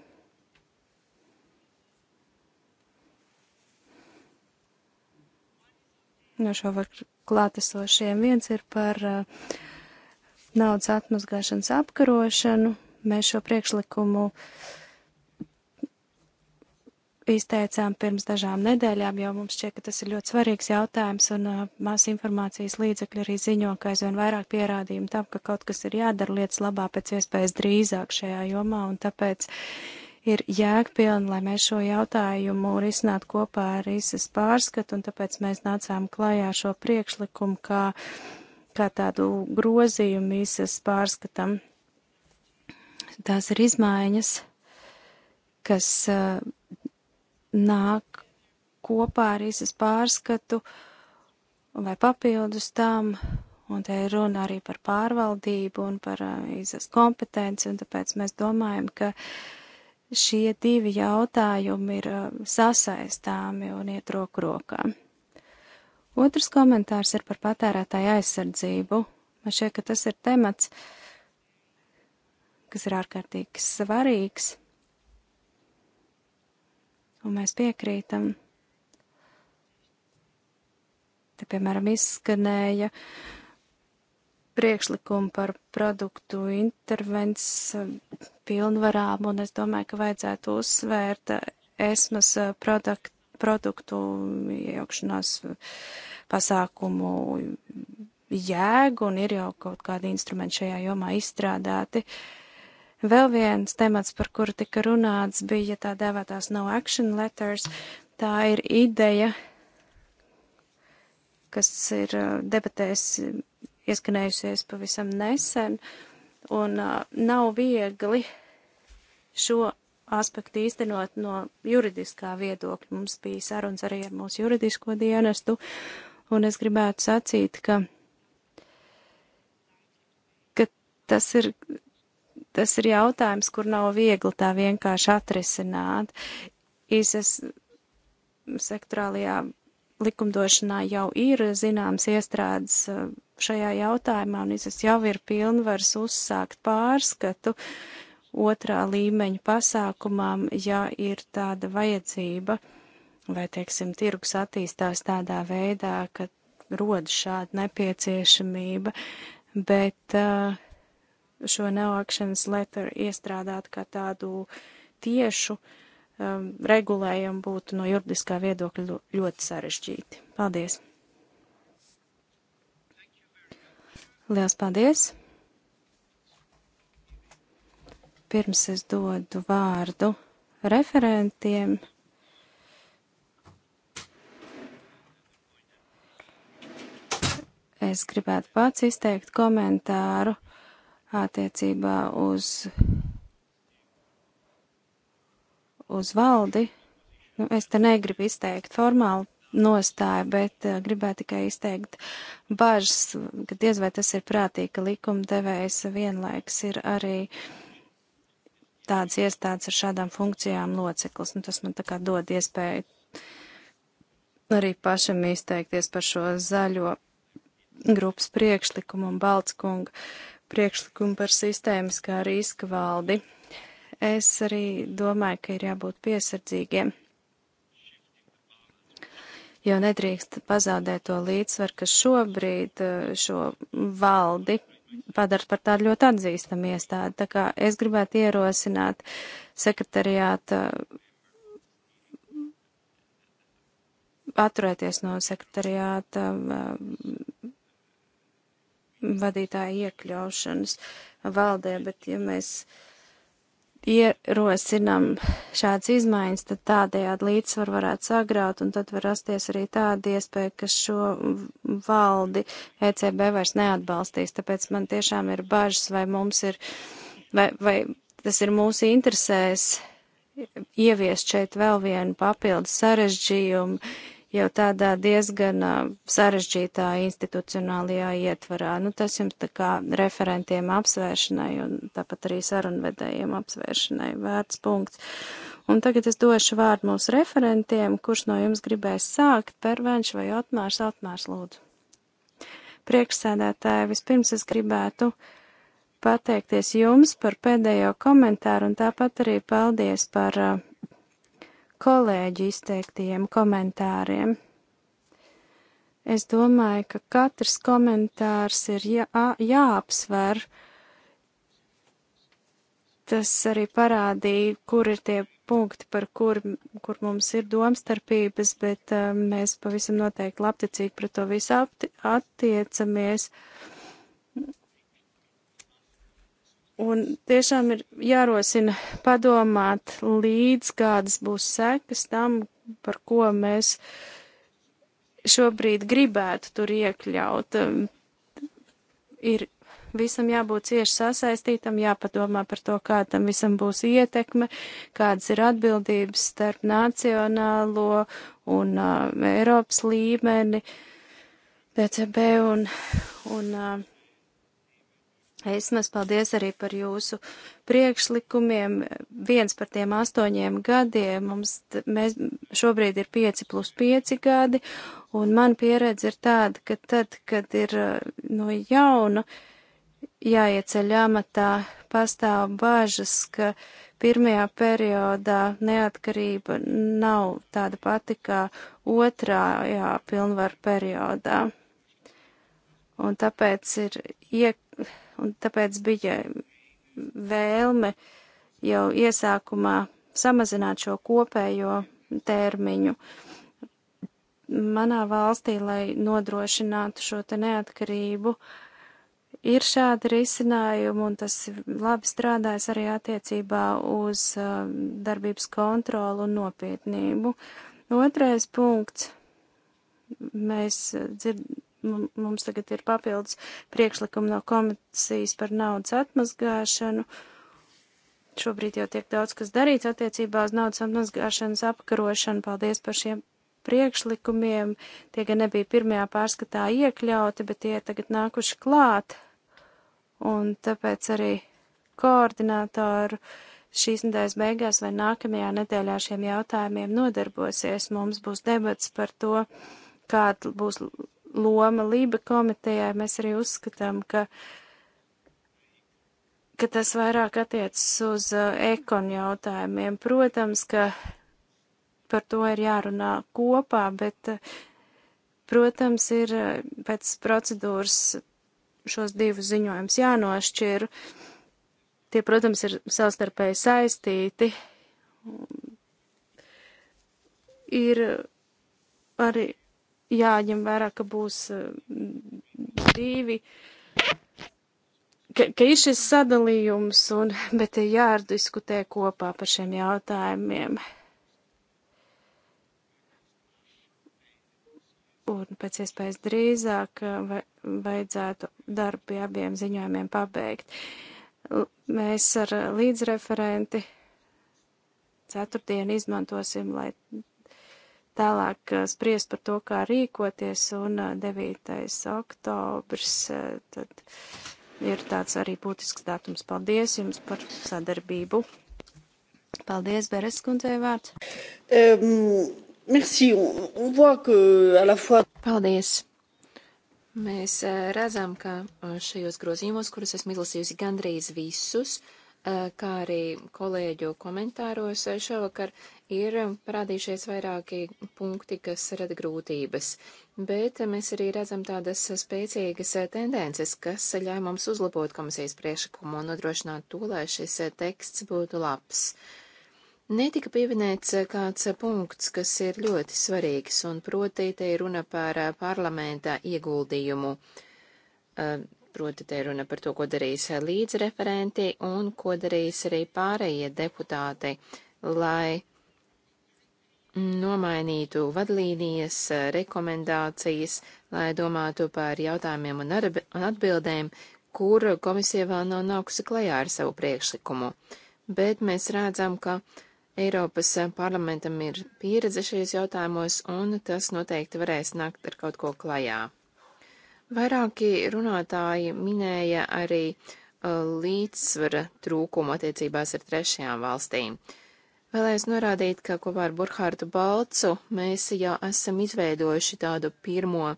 No šovakar klātesošiem viens ir par uh, naudas atmazgāšanas apkarošanu. Mēs šo priekšlikumu uh, izteicām pirms dažām nedēļām, jo mums šķiet, ka tas ir ļoti svarīgs jautājums, un uh, mās informācijas līdzekļi arī ziņo, ka aizvien vairāk pierādījumu tam, ka kaut kas ir jādara lietas labā pēc iespējas drīzāk šajā jomā, un tāpēc ir jēgpilni, lai mēs šo jautājumu risinātu kopā ar ISAS pārskatu, un tāpēc mēs nācām klajā šo priekšlikumu kā, kā tādu grozījumu ISAS pārskatam. Tās ir izmaiņas, kas uh, nāk kopā ar īsas pārskatu vai papildus tam, un te ir runa arī par pārvaldību un par īsas kompetenci, un tāpēc mēs domājam, ka šie divi jautājumi ir sasaistāmi un iet roku rokā. Otrs komentārs ir par patērētāju aizsardzību. Man šķiet, ka tas ir temats, kas ir ārkārtīgi svarīgs un mēs piekrītam. Te, piemēram, izskanēja priekšlikumi par produktu intervences um, pilnvarām, un es domāju, ka vajadzētu uzsvērt uh, esmas uh, produktu, produktu iejaukšanās uh, pasākumu jēgu, un ir jau kaut kādi instrumenti šajā jomā izstrādāti. Uh, Vēl viens temats, par kuru tika runāts, bija tā dēvētās no action letters. Tā ir ideja, kas ir uh, debatēs ieskanējusies pavisam nesen, un uh, nav viegli šo aspektu īstenot no juridiskā viedokļa. Mums bija sarunas arī ar mūsu juridisko dienestu, un es gribētu sacīt, ka, ka tas ir tas ir jautājums, kur nav viegli tā vienkārši atrisināt. Īsas sektorālajā likumdošanā jau ir zināms iestrādes uh, šajā jautājumā, un īsas jau ir pilnvars uzsākt pārskatu otrā līmeņa pasākumām, ja ir tāda vajadzība, vai, teiksim, tirgus attīstās tādā veidā, ka rodas šāda nepieciešamība, bet uh, šo no-actions letter iestrādāt kā tādu tiešu um, regulējumu būtu no juridiskā viedokļa ļoti sarežģīti. Paldies! Liels paldies! Pirms es dodu vārdu referentiem. Es gribētu pats izteikt komentāru. Uh, attiecībā uz, uz valdi. Nu, es te negribu izteikt formālu nostāju, bet uh, eh, gribētu tikai izteikt bažas, ka diez vai tas ir prātīgi, ka likumdevējs vienlaiks ir arī tāds iestāds ar šādām funkcijām loceklis. Nu, tas man tā kā dod iespēju arī pašam izteikties par šo zaļo grupas priekšlikumu un Baltskunga. Uh, priekšlikumu par sistēmiskā riska valdi. Es arī domāju, ka ir jābūt piesardzīgiem, jo nedrīkst pazaudēt to līdzsvaru, kas šobrīd eh, šo valdi padara par tādu ļoti atzīstamu iestādi. Tā kā es gribētu ierosināt sekretariāta eh, atturēties no sekretariāta eh, vadītāja iekļaušanas valdē, bet ja mēs ierosinam šādas izmaiņas, tad tādējādi līdzsvaru varētu sagraut, un tad var rasties arī tāda iespēja, ka šo valdi ECB vairs neatbalstīs. Tāpēc man tiešām ir bažas, vai mums ir, vai, vai tas ir mūsu interesēs ieviest šeit vēl vienu papildus sarežģījumu, jau tādā diezgan sarežģītā institucionālajā ietvarā. Nu, tas jums tā kā referentiem apsvēršanai un tāpat arī sarunvedējiem apsvēršanai vērts punkts. Un tagad es došu vārdu mūsu referentiem, kurš no jums gribēs sākt, pervenš vai atmērs, atmērs lūdzu. Priekšsēdētāji, vispirms es gribētu pateikties jums par pēdējo komentāru un tāpat arī paldies par uh, kolēģi izteiktajiem komentāriem. Es domāju, ka katrs komentārs ir jā, jāapsver. Tas arī parādīja, kur ir tie punkti, par kur, kur mums ir domstarpības, bet um, mēs pavisam noteikti labticīgi pret to visu apti, attiecamies. Uh, Un tiešām ir jārosina padomāt līdz kādas būs sekas tam, par ko mēs šobrīd gribētu tur iekļaut. Ir visam jābūt cieši sasaistītam, jāpadomā par to, kā tam visam būs ietekme, kādas ir atbildības starp nacionālo un uh, Eiropas līmeni, DCB un, un uh, Esmas, paldies arī par jūsu priekšlikumiem. Viens par tiem astoņiem gadiem. Mums, mēs, šobrīd ir pieci plus pieci gadi, un man pieredze ir tāda, ka tad, kad ir uh, no jauna jāieceļ amatā, pastāv bažas, ka pirmajā periodā neatkarība nav tāda pati kā otrajā pilnvaru periodā. Un tāpēc ir iekļauts Un tāpēc bija vēlme jau iesākumā samazināt šo kopējo termiņu manā valstī, lai nodrošinātu šo te neatkarību. Ir šādi risinājumi, un tas labi strādājas arī attiecībā uz uh, darbības kontrolu un nopietnību. Otrais punkts. Mēs uh, dzird, mums tagad ir papildus priekšlikumi no komisijas par naudas atmazgāšanu. Šobrīd jau tiek daudz kas darīts attiecībā uz naudas atmazgāšanas apkarošanu. Paldies par šiem priekšlikumiem. Tie gan nebija pirmajā pārskatā iekļauti, bet tie tagad nākuši klāt. Un tāpēc arī koordinātoru šīs nedēļas beigās vai nākamajā nedēļā šiem jautājumiem nodarbosies. Mums būs debats par to, kāda būs loma Lība komitejai. Mēs arī uzskatām, ka, ka tas vairāk attiecas uz uh, ekon jautājumiem. Protams, ka par to ir jārunā kopā, bet, uh, protams, ir uh, pēc procedūras šos divus ziņojumus jānošķir. Tie, protams, ir savstarpēji saistīti. Ir arī jāņem vērā, ka būs divi, eh, ka, ka ir šis sadalījums, un, bet ir jārdiskutē kopā par šiem jautājumiem. Un pēc iespējas drīzāk eh, vajadzētu darbu pie abiem ziņojumiem pabeigt. Mēs ar eh, līdzreferenti ceturtdienu izmantosim, lai tālāk eh, spriest par to, kā rīkoties, un 9. Eh, oktobrs eh, tad ir tāds arī būtisks datums. Paldies jums par sadarbību. Paldies, Beres kundzei vārds. Um, merci, on, on voit que à la fois. Paldies. Mēs redzam, ka šajos grozījumos, kurus esmu izlasījusi gandrīz visus, kā arī kolēģu komentāros šovakar, ir parādījušies vairāki punkti, kas rada grūtības, bet mēs arī redzam tādas spēcīgas tendences, kas ļauj mums uzlabot komisijas priekšlikumu un nodrošināt to, lai šis teksts būtu labs. Netika pieminēts kāds punkts, kas ir ļoti svarīgs, un proti te ir runa par parlamentā ieguldījumu. Eh, proti te ir runa par to, ko darīs līdzreferenti un ko darīs arī pārējie deputāti, lai nomainītu vadlīnijas, eh, rekomendācijas, lai domātu par jautājumiem un, arbi, un atbildēm, kur komisija vēl nav nākusi klajā ar savu priekšlikumu. Bet mēs redzam, ka Eiropas parlamentam ir pieredze šajos jautājumos, un tas noteikti varēs nākt ar kaut ko klajā. Vairāki runātāji minēja arī eh, līdzsvara trūkumu attiecībās ar trešajām valstīm. Uh, Vēlējos norādīt, ka kopā ar Burhārdu Balcu mēs jau esam izveidojuši tādu pirmo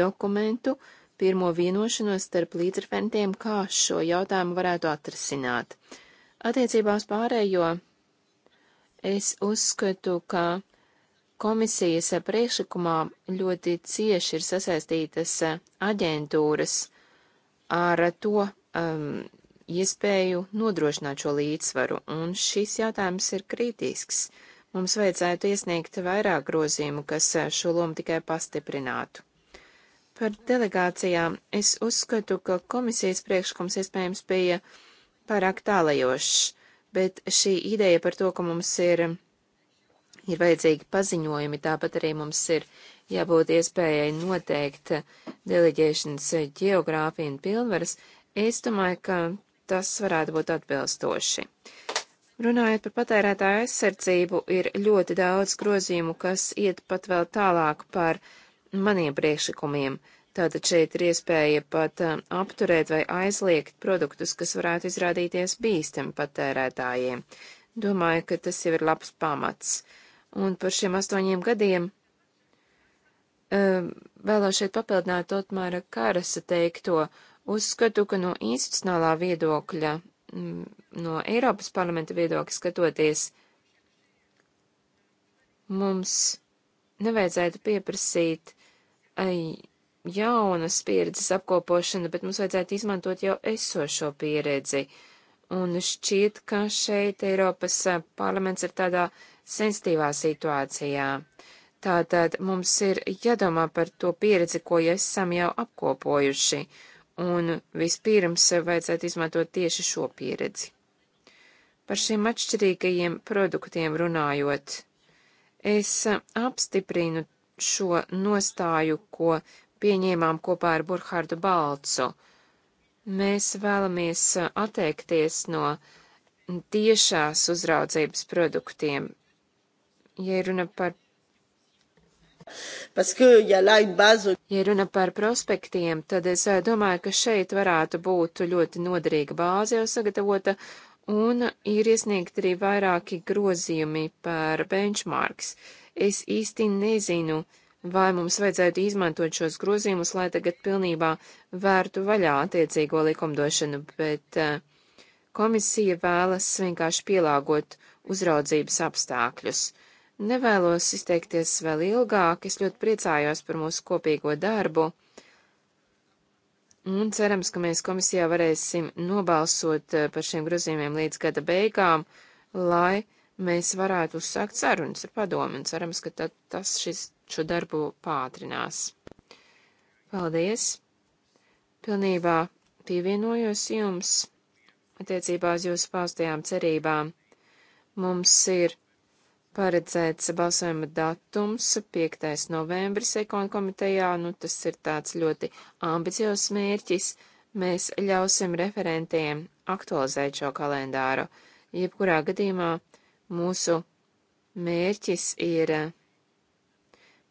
dokumentu, pirmo vienošanos starp līdzreferentiem, kā šo jautājumu varētu atrisināt. Attiecībā uz pārējo es uzskatu, ka komisijas priekšlikumā ļoti cieši ir sasaistītas aģentūras ar to um, iespēju nodrošināt šo līdzsvaru, un šis jautājums ir kritisks. Mums vajadzētu iesniegt vairāk grozījumu, kas šo lomu tikai pastiprinātu. Par delegācijām es uzskatu, ka komisijas priekšlikums iespējams bija pārāk tālajošs, bet šī ideja par to, ka mums ir, ir vajadzīgi paziņojumi, tāpat arī mums ir jābūt iespējai noteikt deleģēšanas geogrāfiju un pilnvaras, es domāju, ka tas varētu būt atbilstoši. Runājot par patērētāju aizsardzību, ir ļoti daudz grozījumu, kas iet pat vēl tālāk par maniem priekšlikumiem. Tātad šeit ir iespēja pat eh, apturēt vai aizliegt produktus, kas varētu izrādīties bīstami patērētājiem. Domāju, ka tas jau ir labs pamats. Un par šiem astoņiem gadiem eh, vēlos šeit papildināt Otmāra Karasa teikto Uzskatu, ka no institucionālā viedokļa, no Eiropas parlamenta viedokļa skatoties, mums nevajadzētu pieprasīt ai, jaunas pieredzes apkopošanu, bet mums vajadzētu izmantot jau esošo pieredzi. Un šķiet, ka šeit Eiropas parlaments ir tādā sensitīvā situācijā. Tātad mums ir jādomā par to pieredzi, ko esam jau apkopojuši, un vispirms vajadzētu izmantot tieši šo pieredzi. Par šiem atšķirīgajiem produktiem runājot, es apstiprinu šo nostāju, ko pieņēmām kopā ar Burhārdu Balcu. Mēs vēlamies atteikties no tiešās uzraudzības produktiem. Ja runa par Ja runa par prospektiem, tad es eh, domāju, ka šeit varētu būt ļoti noderīga bāze jau sagatavota, un ir iesniegt arī vairāki grozījumi par benchmarks. Es īsti nezinu, vai mums vajadzētu izmantot šos grozījumus, lai tagad pilnībā vērtu vaļā attiecīgo likumdošanu, bet eh, komisija vēlas vienkārši pielāgot uzraudzības apstākļus. Nevēlos izteikties vēl ilgāk, es ļoti priecājos par mūsu kopīgo darbu. Un cerams, ka mēs komisijā varēsim nobalsot eh, par šiem grozījumiem līdz gada beigām, lai mēs varētu uzsākt sarunas ar padomu, un cerams, ka tad tas šis, šo darbu pātrinās. Paldies! Pilnībā pievienojos jums attiecībā uz jūsu paustajām cerībām. Mums ir paredzēts balsojuma datums 5. novembris ekonu komitejā, nu tas ir tāds ļoti ambiciozs mērķis. Mēs ļausim referentiem aktualizēt šo kalendāru. Jebkurā gadījumā mūsu mērķis ir eh,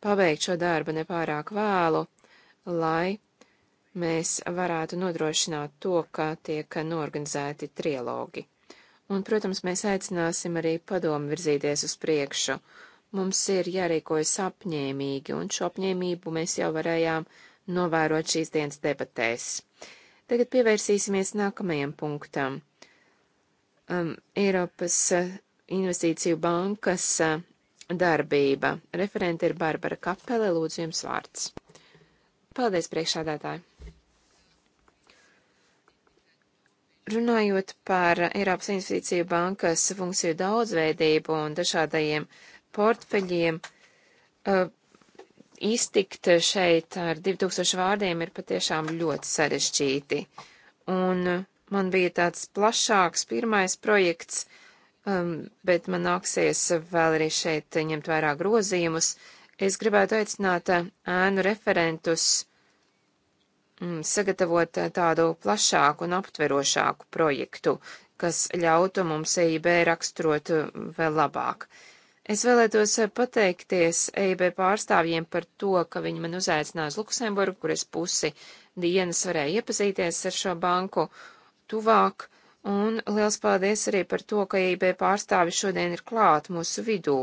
pabeigt šo darbu nepārāk vēlu, lai mēs varētu nodrošināt to, ka tiek norganizēti trilogi. Un, protams, mēs aicināsim arī padomu virzīties uz priekšu. Mums ir jārīkojas apņēmīgi, un šo apņēmību mēs jau varējām novērot šīs dienas debatēs. Tagad pievērsīsimies nākamajam punktam. Um, Eiropas uh, investīciju bankas uh, darbība. Referente ir Barbara Kapele, lūdzu jums vārds. Paldies, priekšādātāji! Runājot par Eiropas Investīciju bankas funkciju daudzveidību un dažādajiem portfeļiem, uh, iztikt šeit ar 2000 vārdiem ir patiešām ļoti sarežģīti. Un man bija tāds plašāks pirmais projekts, um, bet man nāksies vēl arī šeit ņemt vairāk grozījumus. Es gribētu aicināt ēnu referentus Mm, sagatavot eh, tādu plašāku un aptverošāku projektu, kas ļautu mums EIB raksturot eh, vēl labāk. Es vēlētos eh, pateikties EIB pārstāvjiem par to, ka viņi man uzaicināja uz Luksemburgu, kur es pusi dienas varēju iepazīties ar šo banku tuvāk, un liels paldies arī par to, ka EIB pārstāvi šodien ir klāt mūsu vidū.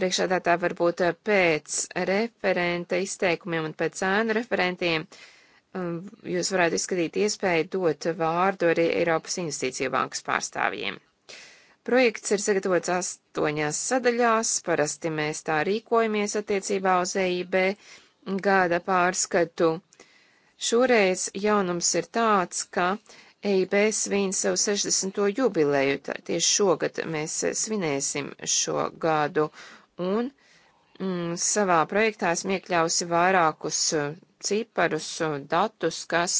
Priekšādātā varbūt pēc referenta izteikumiem un pēc ēnu referentiem. Uh, Um, jūs varētu izskatīt iespēju dot vārdu arī Eiropas Investīciju bankas pārstāvjiem. Projekts ir sagatavots astoņās sadaļās, parasti mēs tā rīkojamies attiecībā uz EIB gada pārskatu. Šoreiz jaunums ir tāds, ka EIB svin savu 60. jubileju, tieši šogad mēs svinēsim šo gadu, un mm, savā projektā esmu iekļausi vairākus uh, ciparus, uh, datus, kas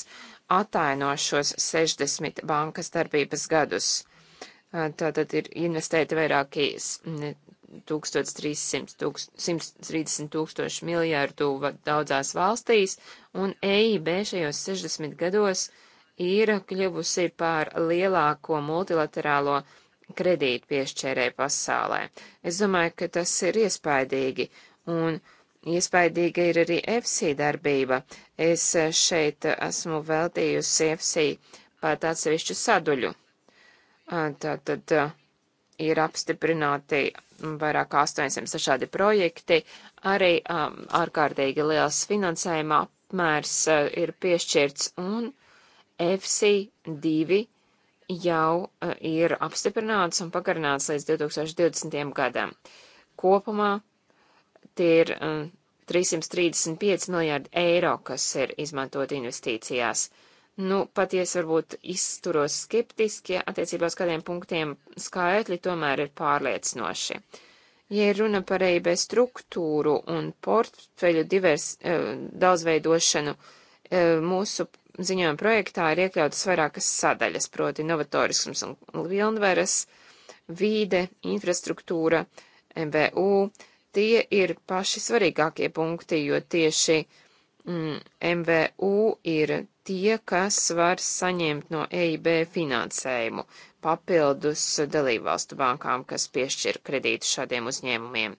ataino šos 60 bankas darbības gadus. Uh, tātad ir investēti vairāki 1300, mm, 130 tūkstoši miljārdu daudzās valstīs, un EIB šajos 60 gados ir kļuvusi par lielāko multilaterālo uh, kredītpiešķērēju pasaulē. Es domāju, ka tas ir iespaidīgi, un iespaidīga ir arī FC darbība. Es šeit esmu veltījusi FC pat atsevišķu saduļu. Tātad ir apstiprināti vairāk kā 800 dažādi projekti, arī um, ārkārtīgi liels finansējuma apmērs uh, ir piešķirts, un FC2 jau e, ir apstiprināts un pagarināts līdz 2020. gadam. Kopumā tie ir 335 e, miljārdi eiro, kas ir izmantot investīcijās. Nu, patiesi varbūt izturos skeptiski attiecībā uz kādiem punktiem, skaitļi tomēr ir pārliecinoši. Ja runa par EIB struktūru un portfeļu divers, e, daudzveidošanu, mūsu ziņojuma projektā ir iekļautas vairākas sadaļas, proti novatorisms un vilnveres, vīde, infrastruktūra, MVU. Tie ir paši svarīgākie punkti, jo tieši mm, MVU ir tie, kas var saņemt no EIB finansējumu papildus dalībvalstu bankām, kas piešķir kredītu šādiem uzņēmumiem.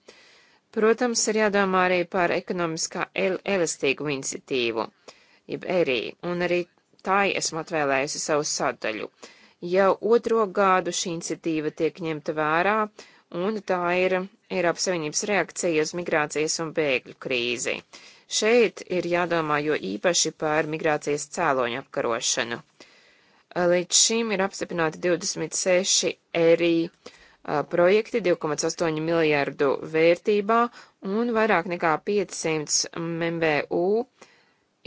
Protams, ir jādomā arī par ekonomiskā el elastīgu iniciatīvu. Uh, jeb erī, un arī tai esmu atvēlējusi savu sadaļu. Jau otro gadu šī iniciatīva tiek ņemta vērā, un tā ir Eiropas Savienības reakcija uz migrācijas un bēgļu krīzi. Šeit ir jādomā jo īpaši par migrācijas cēloņu apkarošanu. Līdz šim ir apstiprināti 26 erī projekti 2,8 miljārdu vērtībā un vairāk nekā 500 MVU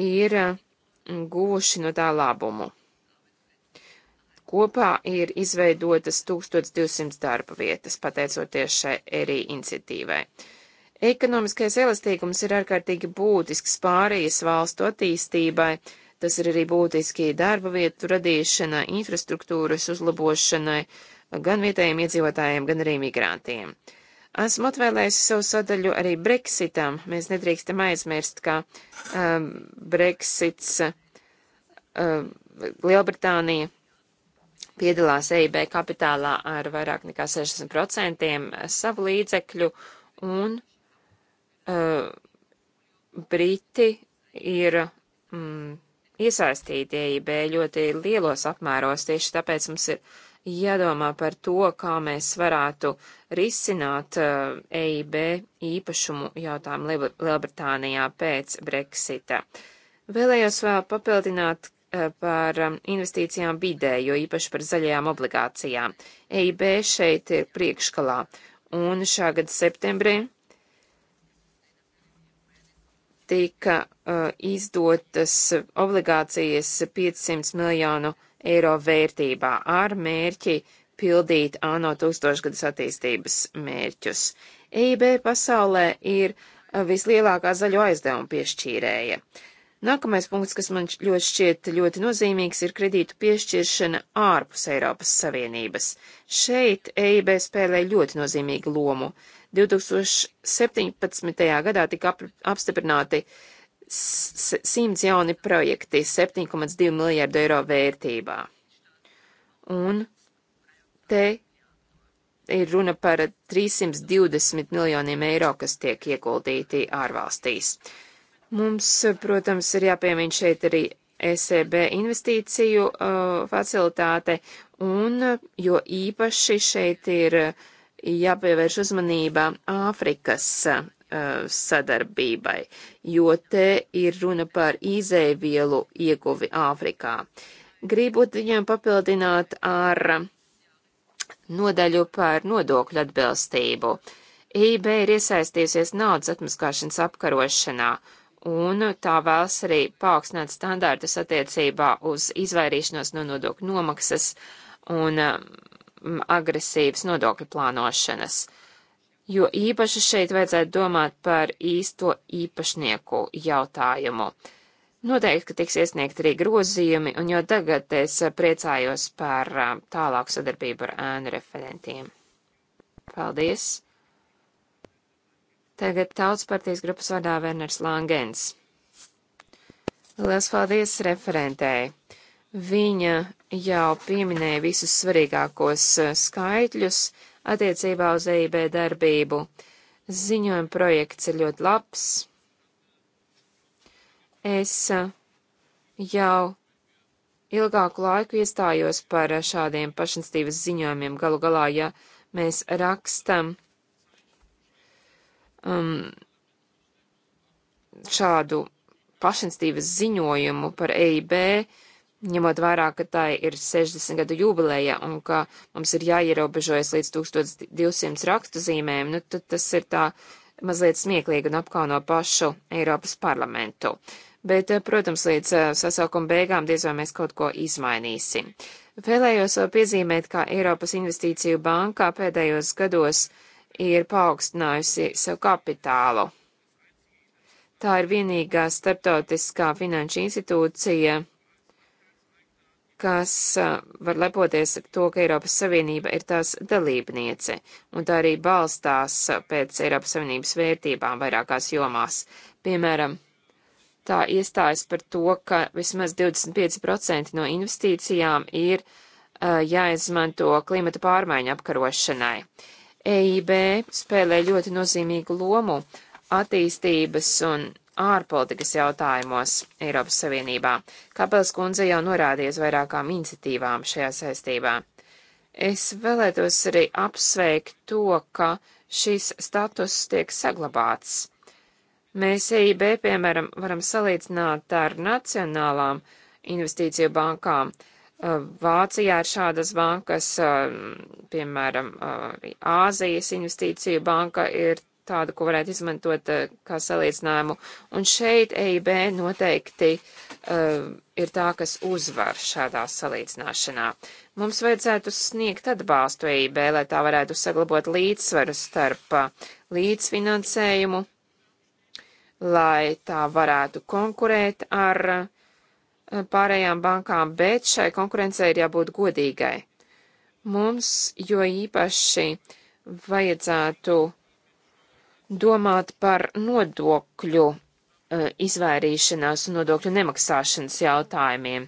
ir eh, guvuši no tā labumu. Kopā ir izveidotas 1200 darba vietas, pateicoties šai ERI iniciatīvai. Ekonomiskais elastīgums ir ārkārtīgi būtisks pārējas valstu attīstībai, tas ir arī būtiski darba vietu radīšanai, infrastruktūras uzlabošanai, gan vietējiem iedzīvotājiem, gan arī migrantiem. Esmu atvēlējusi savu sadaļu arī Brexitam. Mēs nedrīkstam aizmirst, ka um, Brexits, um, Lielbritānija piedalās EIB kapitālā ar vairāk nekā 60% savu līdzekļu, un uh, Briti ir mm, iesaistīti EIB ļoti lielos apmēros, tieši tāpēc mums ir jādomā par to, kā mēs varētu risināt uh, eh, EIB īpašumu jautājumu Lielbritānijā pēc Brexita. Vēlējos vēl papildināt uh, par um, investīcijām bidē, jo īpaši par zaļajām obligācijām. EIB šeit ir priekškalā, un šā gada septembrī tika uh, izdotas obligācijas 500 miljonu eiro eiro vērtībā ar mērķi pildīt ANO tūkstošgadus attīstības mērķus. EIB pasaulē ir uh, vislielākā zaļo aizdevumu piešķīrēja. Nākamais punkts, kas man ļoti šķiet ļoti nozīmīgs, ir kredītu piešķiršana ārpus Eiropas Savienības. Šeit EIB spēlē ļoti nozīmīgu lomu. 2017. gadā tika ap, apstiprināti uh, simts jauni projekti 7,2 miljārdu eiro vērtībā. Un te ir runa par 320 miljoniem eiro, kas tiek ieguldīti ārvalstīs. Mums, protams, ir jāpiemīn šeit arī ECB investīciju uh, facilitāte, un jo īpaši šeit ir uh, jāpievērš uzmanība Āfrikas Uh, sadarbībai, jo te ir runa par izēvielu ieguvi Āfrikā. Gribu viņam papildināt ar nodaļu par nodokļu atbilstību. EIB ir iesaistījusies naudas atmaskāšanas apkarošanā, un tā vēlas arī paaugstināt standārtus attiecībā uz izvairīšanos no nodokļu nomaksas un um, agresīvas nodokļu plānošanas. Uh, jo īpaši šeit vajadzētu domāt par īsto īpašnieku jautājumu. Noteikti, ka tiks iesniegt arī grozījumi, un jau tagad es priecājos par tālāku sadarbību ar ēnu referentiem. Paldies! Tagad tautspartijas grupas vadā Werners Langens. Lielas paldies referentēji! Viņa jau pieminēja visus svarīgākos skaitļus, attiecībā uz EIB darbību. Ziņojuma projekts ir ļoti labs. Es uh, jau ilgāku laiku iestājos par uh, šādiem pašnestības ziņojumiem. Galu galā, ja mēs rakstam um, šādu pašnestības ziņojumu par EIB, uh, ņemot vērā, ka tā ir 60 gadu jubileja un ka mums ir jāierobežojas līdz 1200 rakstuzīmēm, nu tad tas ir tā mazliet smieklīgi un apkauno pašu Eiropas parlamentu. Bet, eh, protams, līdz eh, sasaukuma beigām diez vai mēs kaut ko izmainīsim. Vēlējos eh, piezīmēt, ka Eiropas investīciju bankā pēdējos gados ir paaugstinājusi savu kapitālu. Tā ir vienīgā starptautiskā finanšu institūcija, kas var lepoties ar to, ka Eiropas Savienība ir tās dalībniece, un tā arī balstās pēc Eiropas Savienības vērtībām vairākās jomās. Piemēram, tā iestājas par to, ka vismaz 25% no investīcijām ir uh, jāizmanto klimata pārmaiņu apkarošanai. EIB spēlē ļoti nozīmīgu lomu attīstības un ārpolitikas jautājumos Eiropas Savienībā. Kapels kundze jau norādījusi vairākām iniciatīvām šajā saistībā. Es vēlētos arī apsveikt to, ka šis status tiek saglabāts. Mēs EIB, piemēram, varam salīdzināt ar nacionālām investīciju bankām. Uh, Vācijā ir šādas bankas, uh, piemēram, uh, Āzijas investīciju banka ir tādu, ko varētu izmantot uh, kā salīdzinājumu. Un šeit EIB noteikti uh, ir tā, kas uzvar šādā salīdzināšanā. Mums vajadzētu sniegt atbalstu EIB, lai tā varētu saglabot līdzsvaru starp uh, līdzfinansējumu, lai tā varētu konkurēt ar uh, pārējām bankām, bet šai konkurencei ir jābūt godīgai. Mums jo īpaši vajadzētu uh, domāt par nodokļu e, izvairīšanās un nodokļu nemaksāšanas jautājumiem.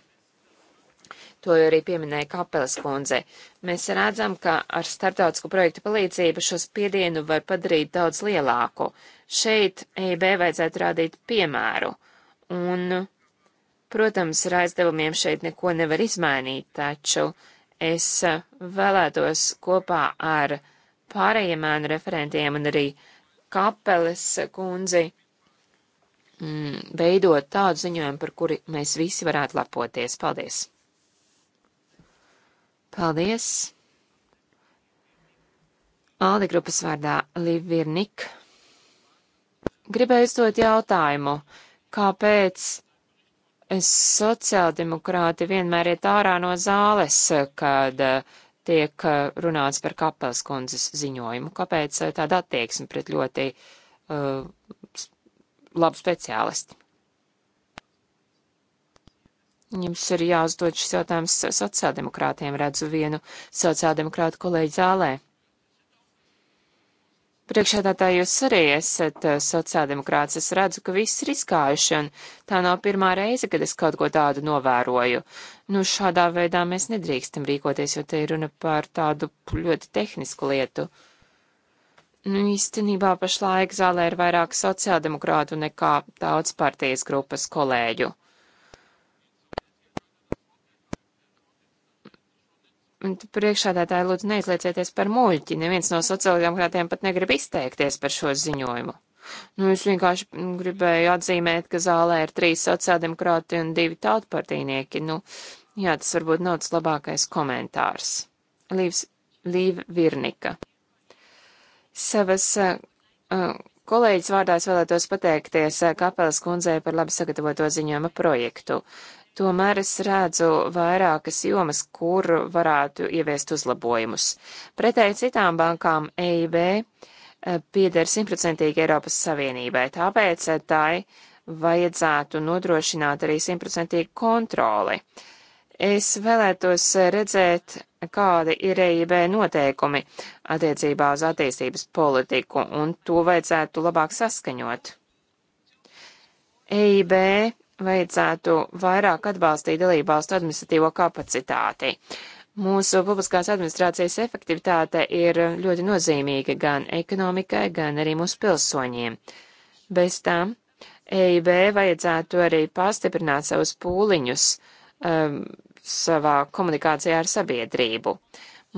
To jau arī pieminēja Kapelas kundze. Mēs redzam, ka ar starptautisku projektu palīdzību šo spiedienu var padarīt daudz lielāku. Šeit EIB vajadzētu rādīt piemēru. Un, protams, ar aizdevumiem šeit neko nevar izmainīt, taču es e, vēlētos kopā ar pārējiem ēnu referentiem un arī uh, Kapeles kundzi mm, veidot tādu ziņojumu, par kuri mēs visi varētu lepoties. Paldies! Paldies! Aldi grupas vārdā Livirnik. Gribēju uzdot jautājumu, kāpēc sociāldemokrāti vienmēr iet ārā no zāles, kad uh, tiek eh, runāts par Kapels kundzes ziņojumu, kāpēc eh, tāda attieksme pret ļoti uh, labu speciālisti. Jums ir jāuzdod šis jautājums sociāldemokrātiem, redzu vienu sociāldemokrātu kolēģi zālē. Priekšādātā jūs arī esat eh, sociāldemokrāts. Es redzu, ka viss ir izkājuši, un tā nav pirmā reize, kad es kaut ko tādu novēroju. Nu, šādā veidā mēs nedrīkstam rīkoties, jo te ir runa par tādu ļoti tehnisku lietu. Nu, īstenībā pašlaik zālē ir vairāk sociāldemokrātu nekā daudz partijas grupas kolēģu. Priekšādātāji, lūdzu, neizliecieties par muļķi. Neviens no sociāldemokrātiem pat negrib izteikties par šo ziņojumu. Nu, es vienkārši gribēju atzīmēt, ka zālē ir trīs sociāldemokrāti un divi tautpartīnieki. Nu, jā, tas varbūt nav tas labākais komentārs. Līvs, Līva Virnika. Savas uh, uh kolēģis vārdā es vēlētos pateikties uh, Kapelas kundzei par labi sagatavoto ziņojuma projektu. Uh, Tomēr es redzu vairākas jomas, kur varētu ieviest uzlabojumus. Pretēji citām bankām EIB eh, pieder simtprocentīgi Eiropas Savienībai, tāpēc eh, tai vajadzētu nodrošināt arī simtprocentīgu kontroli. Es vēlētos eh, redzēt, kādi ir EIB noteikumi attiecībā uz attīstības politiku, un to vajadzētu labāk saskaņot. EIB vajadzētu vairāk atbalstīt dalībvalstu administratīvo kapacitāti. Mūsu publiskās administrācijas efektivitāte ir ļoti nozīmīga gan ekonomikai, gan arī mūsu pilsoņiem. Bez tām EIB vajadzētu arī pastiprināt savus pūliņus um, savā komunikācijā ar sabiedrību.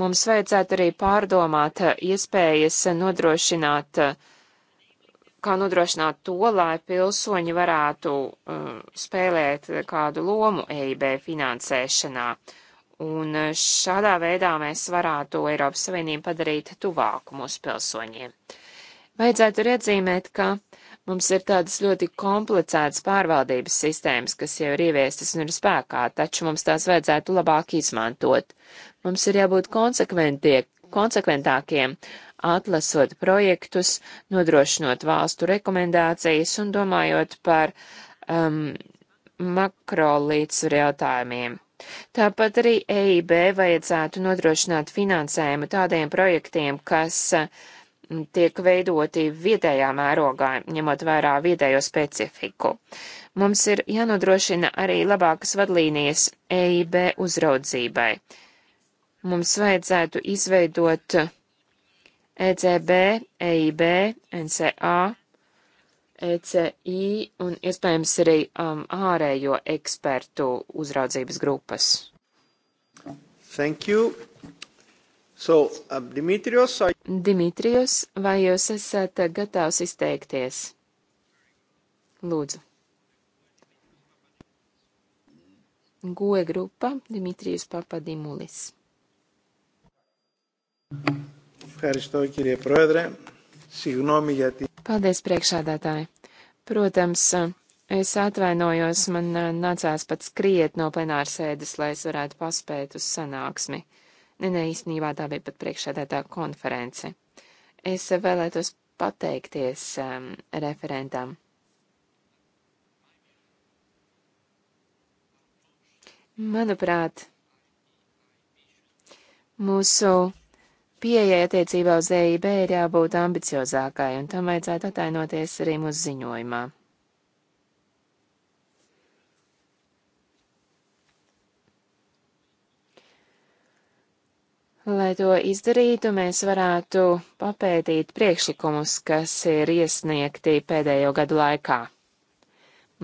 Mums vajadzētu arī pārdomāt uh, iespējas nodrošināt uh, kā nodrošināt to, lai pilsoņi varētu uh, spēlēt kādu lomu EIB finansēšanā. Un uh, šādā veidā mēs varētu Eiropas Savienību padarīt tuvāku mūsu pilsoņiem. Vajadzētu iedzīmēt, ka mums ir tādas ļoti komplicētas pārvaldības sistēmas, kas jau ir ieviestas un ir spēkā, taču mums tās vajadzētu labāk izmantot. Mums ir jābūt konsekventie, konsekventākiem atlasot projektus, nodrošinot valstu rekomendācijas un domājot par um, makro līdzsvaru jautājumiem. Tāpat arī EIB vajadzētu nodrošināt finansējumu tādiem projektiem, kas tiek veidoti vietējā mērogā, ņemot vērā vietējo specifiku. Mums ir jānodrošina arī labākas vadlīnijas EIB uzraudzībai. Mums vajadzētu izveidot ECB, EIB, NCA, ECI un iespējams arī um, ārējo ekspertu uzraudzības grupas. Thank you. So, uh, Dimitrios, I... Dimitrios, vai jūs esat gatavs izteikties? Lūdzu. Goe grupa, Dimitrijas Papadimulis. Ευχαριστώ, κύριε Πρόεδρε. Συγγνώμη γιατί. Paldies, priekšādātāji. Protams, es atvainojos, man uh, nācās pat skriet no plenāra sēdes, lai es varētu paspēt uz sanāksmi. Ne, ne, īstenībā tā bija pat priekšādātā konference. Es vēlētos pateikties um, referentam. Manuprāt, mūsu pieeja attiecībā uz EIB ir jābūt ambiciozākai, un tam vajadzētu atainoties arī mūsu ziņojumā. Lai to izdarītu, mēs varētu papētīt priekšlikumus, kas ir iesniegti pēdējo gadu laikā.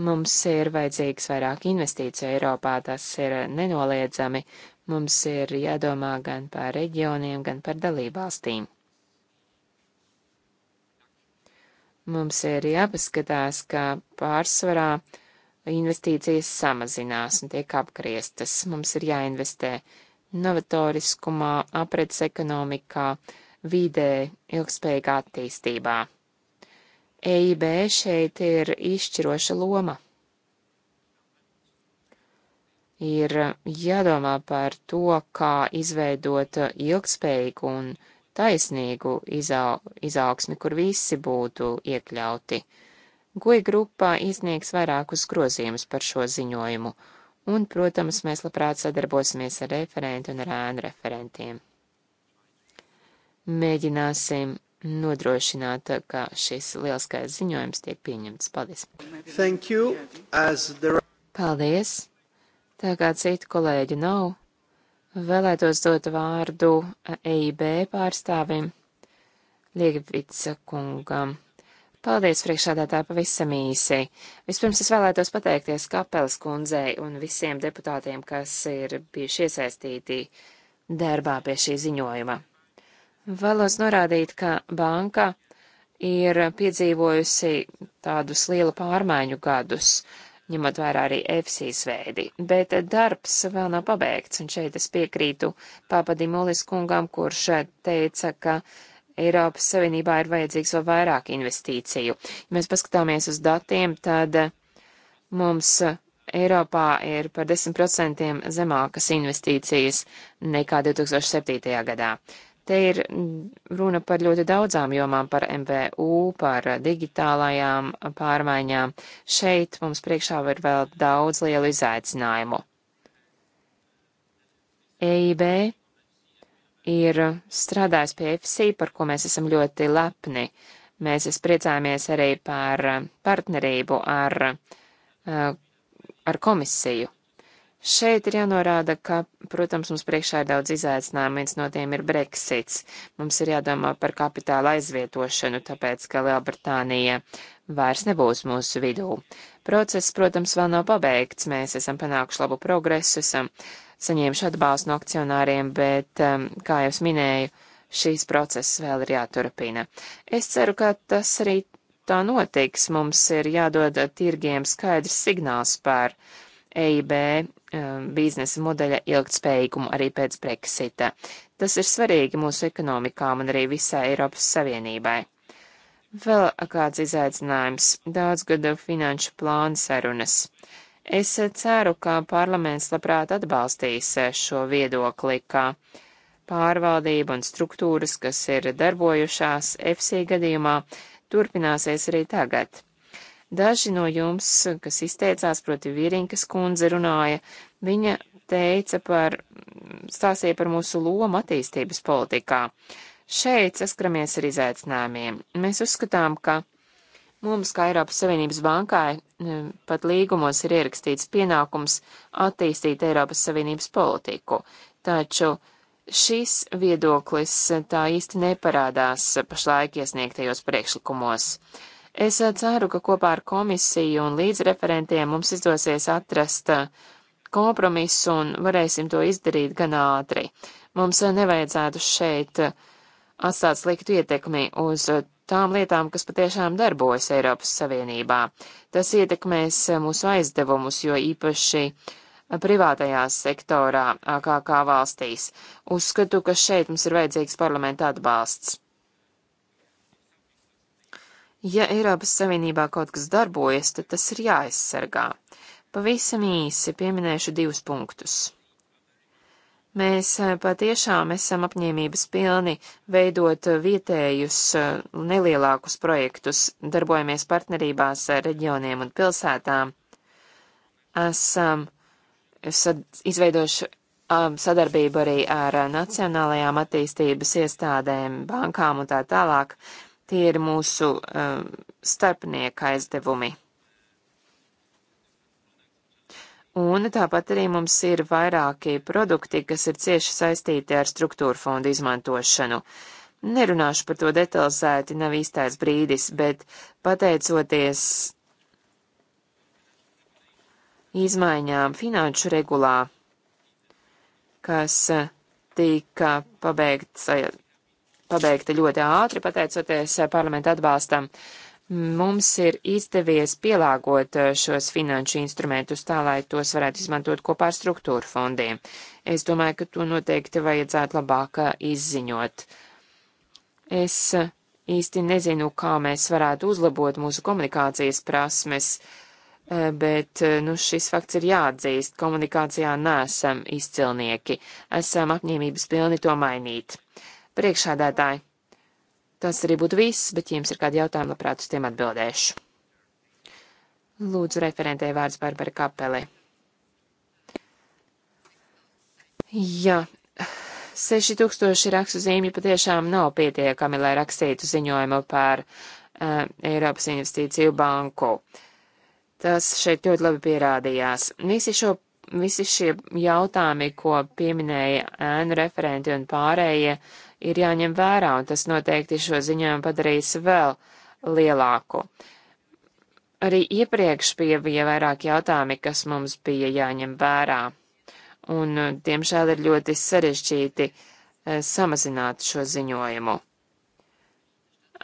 Mums ir vajadzīgs vairāk investīciju Eiropā, tas ir nenoliedzami. Mums ir jādomā gan par reģioniem, gan par dalībvalstīm. Mums ir jāpaskatās, ka pārsvarā investīcijas samazinās un tiek apgrieztas. Mums ir jāinvestē novatoriskumā, apredzes ekonomikā, vidē, ilgspējīgā attīstībā. EIB šeit ir izšķiroša loma. Ir jādomā par to, kā izveidot ilgspējīgu un taisnīgu izau, izaugsmi, kur visi būtu iekļauti. Goja grupā izniegs vairākus grozījumus par šo ziņojumu, un, protams, mēs labprāt sadarbosimies ar referentu un ar ēnu referentiem. Mēģināsim nodrošināt, ka šis lielskais ziņojums tiek pieņemts. Paldies! Thank you, the... Paldies! Tā kā citu kolēģu nav, vēlētos dot vārdu EIB pārstāvim Liegvica kungam. Paldies, priekšādātāji, pavisam īsi. Vispirms es vēlētos pateikties Kapelas kundzei un visiem deputātiem, kas ir bijuši iesaistīti darbā pie šī ziņojuma. Vēlos norādīt, ka banka ir piedzīvojusi tādus lielu pārmaiņu gadus, ņemot vērā arī EFSI svēdi, bet darbs vēl nav pabeigts, un šeit es piekrītu papadimulis kungam, kurš teica, ka Eiropas Savienībā ir vajadzīgs vēl vairāk investīciju. Ja mēs paskatāmies uz datiem, tad mums Eiropā ir par 10% zemākas investīcijas nekā 2007. gadā. Te ir mm, runa par ļoti daudzām jomām, par MVU, par digitālajām pārmaiņām. Šeit mums priekšā ir vēl daudz lielu izaicinājumu. EIB ir strādājis pie FSI, par ko mēs esam ļoti lepni. Mēs priecājamies arī par mm, partnerību ar, mm, ar komisiju. Šeit ir jānorāda, ka, protams, mums priekšā ir daudz izaicinājumu, viens no tiem ir Brexits. Mums ir jādomā par kapitāla aizvietošanu, tāpēc, ka Lielbritānija vairs nebūs mūsu vidū. Process, protams, vēl nav pabeigts, mēs esam panākuši labu progresu, esam saņēmuši atbalstu no akcionāriem, bet, um, kā jau es minēju, šīs procesas vēl ir jāturpina. Es ceru, ka tas arī tā notiks. Mums ir jādod tirgiem skaidrs signāls par EIB eh, biznesa modeļa ilgtspējīgumu arī pēc Brexita. Tas ir svarīgi mūsu ekonomikām un arī visai Eiropas Savienībai. Vēl kāds izaicinājums - daudzgadu finanšu plāna sarunas. Es ceru, ka parlaments labprāt atbalstīs šo viedokli, ka pārvaldība un struktūras, kas ir darbojušās FC gadījumā, turpināsies arī tagad. Daži no jums, kas izteicās, proti Virinkas kundze runāja, viņa teica par, stāstīja par mūsu lomu attīstības politikā. Šeit saskaramies ar izaicinājumiem. Mēs uzskatām, ka mums, kā Eiropas Savienības bankai, e, pat līgumos ir ierakstīts pienākums attīstīt Eiropas Savienības politiku, taču šis viedoklis e, tā īsti neparādās pašlaik iesniegtajos priekšlikumos. Uh, Es eh, ceru, ka kopā ar komisiju un līdzreferentiem mums izdosies atrast eh, kompromisu un varēsim to izdarīt gan ātri. Mums eh, nevajadzētu šeit atstāt sliktu ietekmi uz tām lietām, kas patiešām darbojas Eiropas Savienībā. Tas ietekmēs mūsu aizdevumus, jo īpaši privātajā sektorā AKK valstīs. Uzskatu, ka šeit mums ir vajadzīgs parlamenta atbalsts. Ja Eiropas Savienībā kaut kas darbojas, tad tas ir jāaizsargā. Pavisam īsi pieminēšu divus punktus. Mēs eh, patiešām esam apņēmības pilni veidot vietējus eh, nelielākus projektus, darbojamies partnerībās ar reģioniem un pilsētām. Esam sad, izveidojuši um, sadarbību arī ar eh, nacionālajām attīstības iestādēm, bankām un tā tālāk. Tie ir mūsu um, starpnieka aizdevumi. Un tāpat arī mums ir vairāki produkti, kas ir cieši saistīti ar struktūra fondu izmantošanu. Nerunāšu par to detalizēti, nav īstais brīdis, bet pateicoties izmaiņām finanšu regulā, kas tika pabeigts pabeigta ļoti ātri, pateicoties eh, parlamenta atbalstam. Mums ir izdevies pielāgot eh, šos finanšu instrumentus tā, lai tos varētu izmantot kopā ar struktūru fondiem. Es domāju, ka to noteikti vajadzētu labāk eh, izziņot. Es īsti nezinu, kā mēs varētu uzlabot mūsu komunikācijas prasmes, bet nu, šis fakts ir jāatzīst. Komunikācijā nesam izcilnieki, esam apņēmības pilni to mainīt. Priekšādātāji, tas arī būtu viss, bet, ja jums ir kādi jautājumi, labprāt uz tiem atbildēšu. Lūdzu, referentē vārds Barbara Kapelē. Jā, 6000 rakstu zīmju patiešām nav pietiekami, lai rakstītu ziņojumu par uh, Eiropas investīciju banku. Tas šeit ļoti labi pierādījās. Visi, šo, visi šie jautājumi, ko pieminēja ēnu referenti un pārējie, uh, ir jāņem vērā, un tas noteikti šo ziņojumu padarīs vēl lielāku. Arī iepriekš bija, bija vairāk jautājumi, kas mums bija jāņem vērā, un, diemžēl, ir ļoti sarežģīti e, samazināt šo ziņojumu.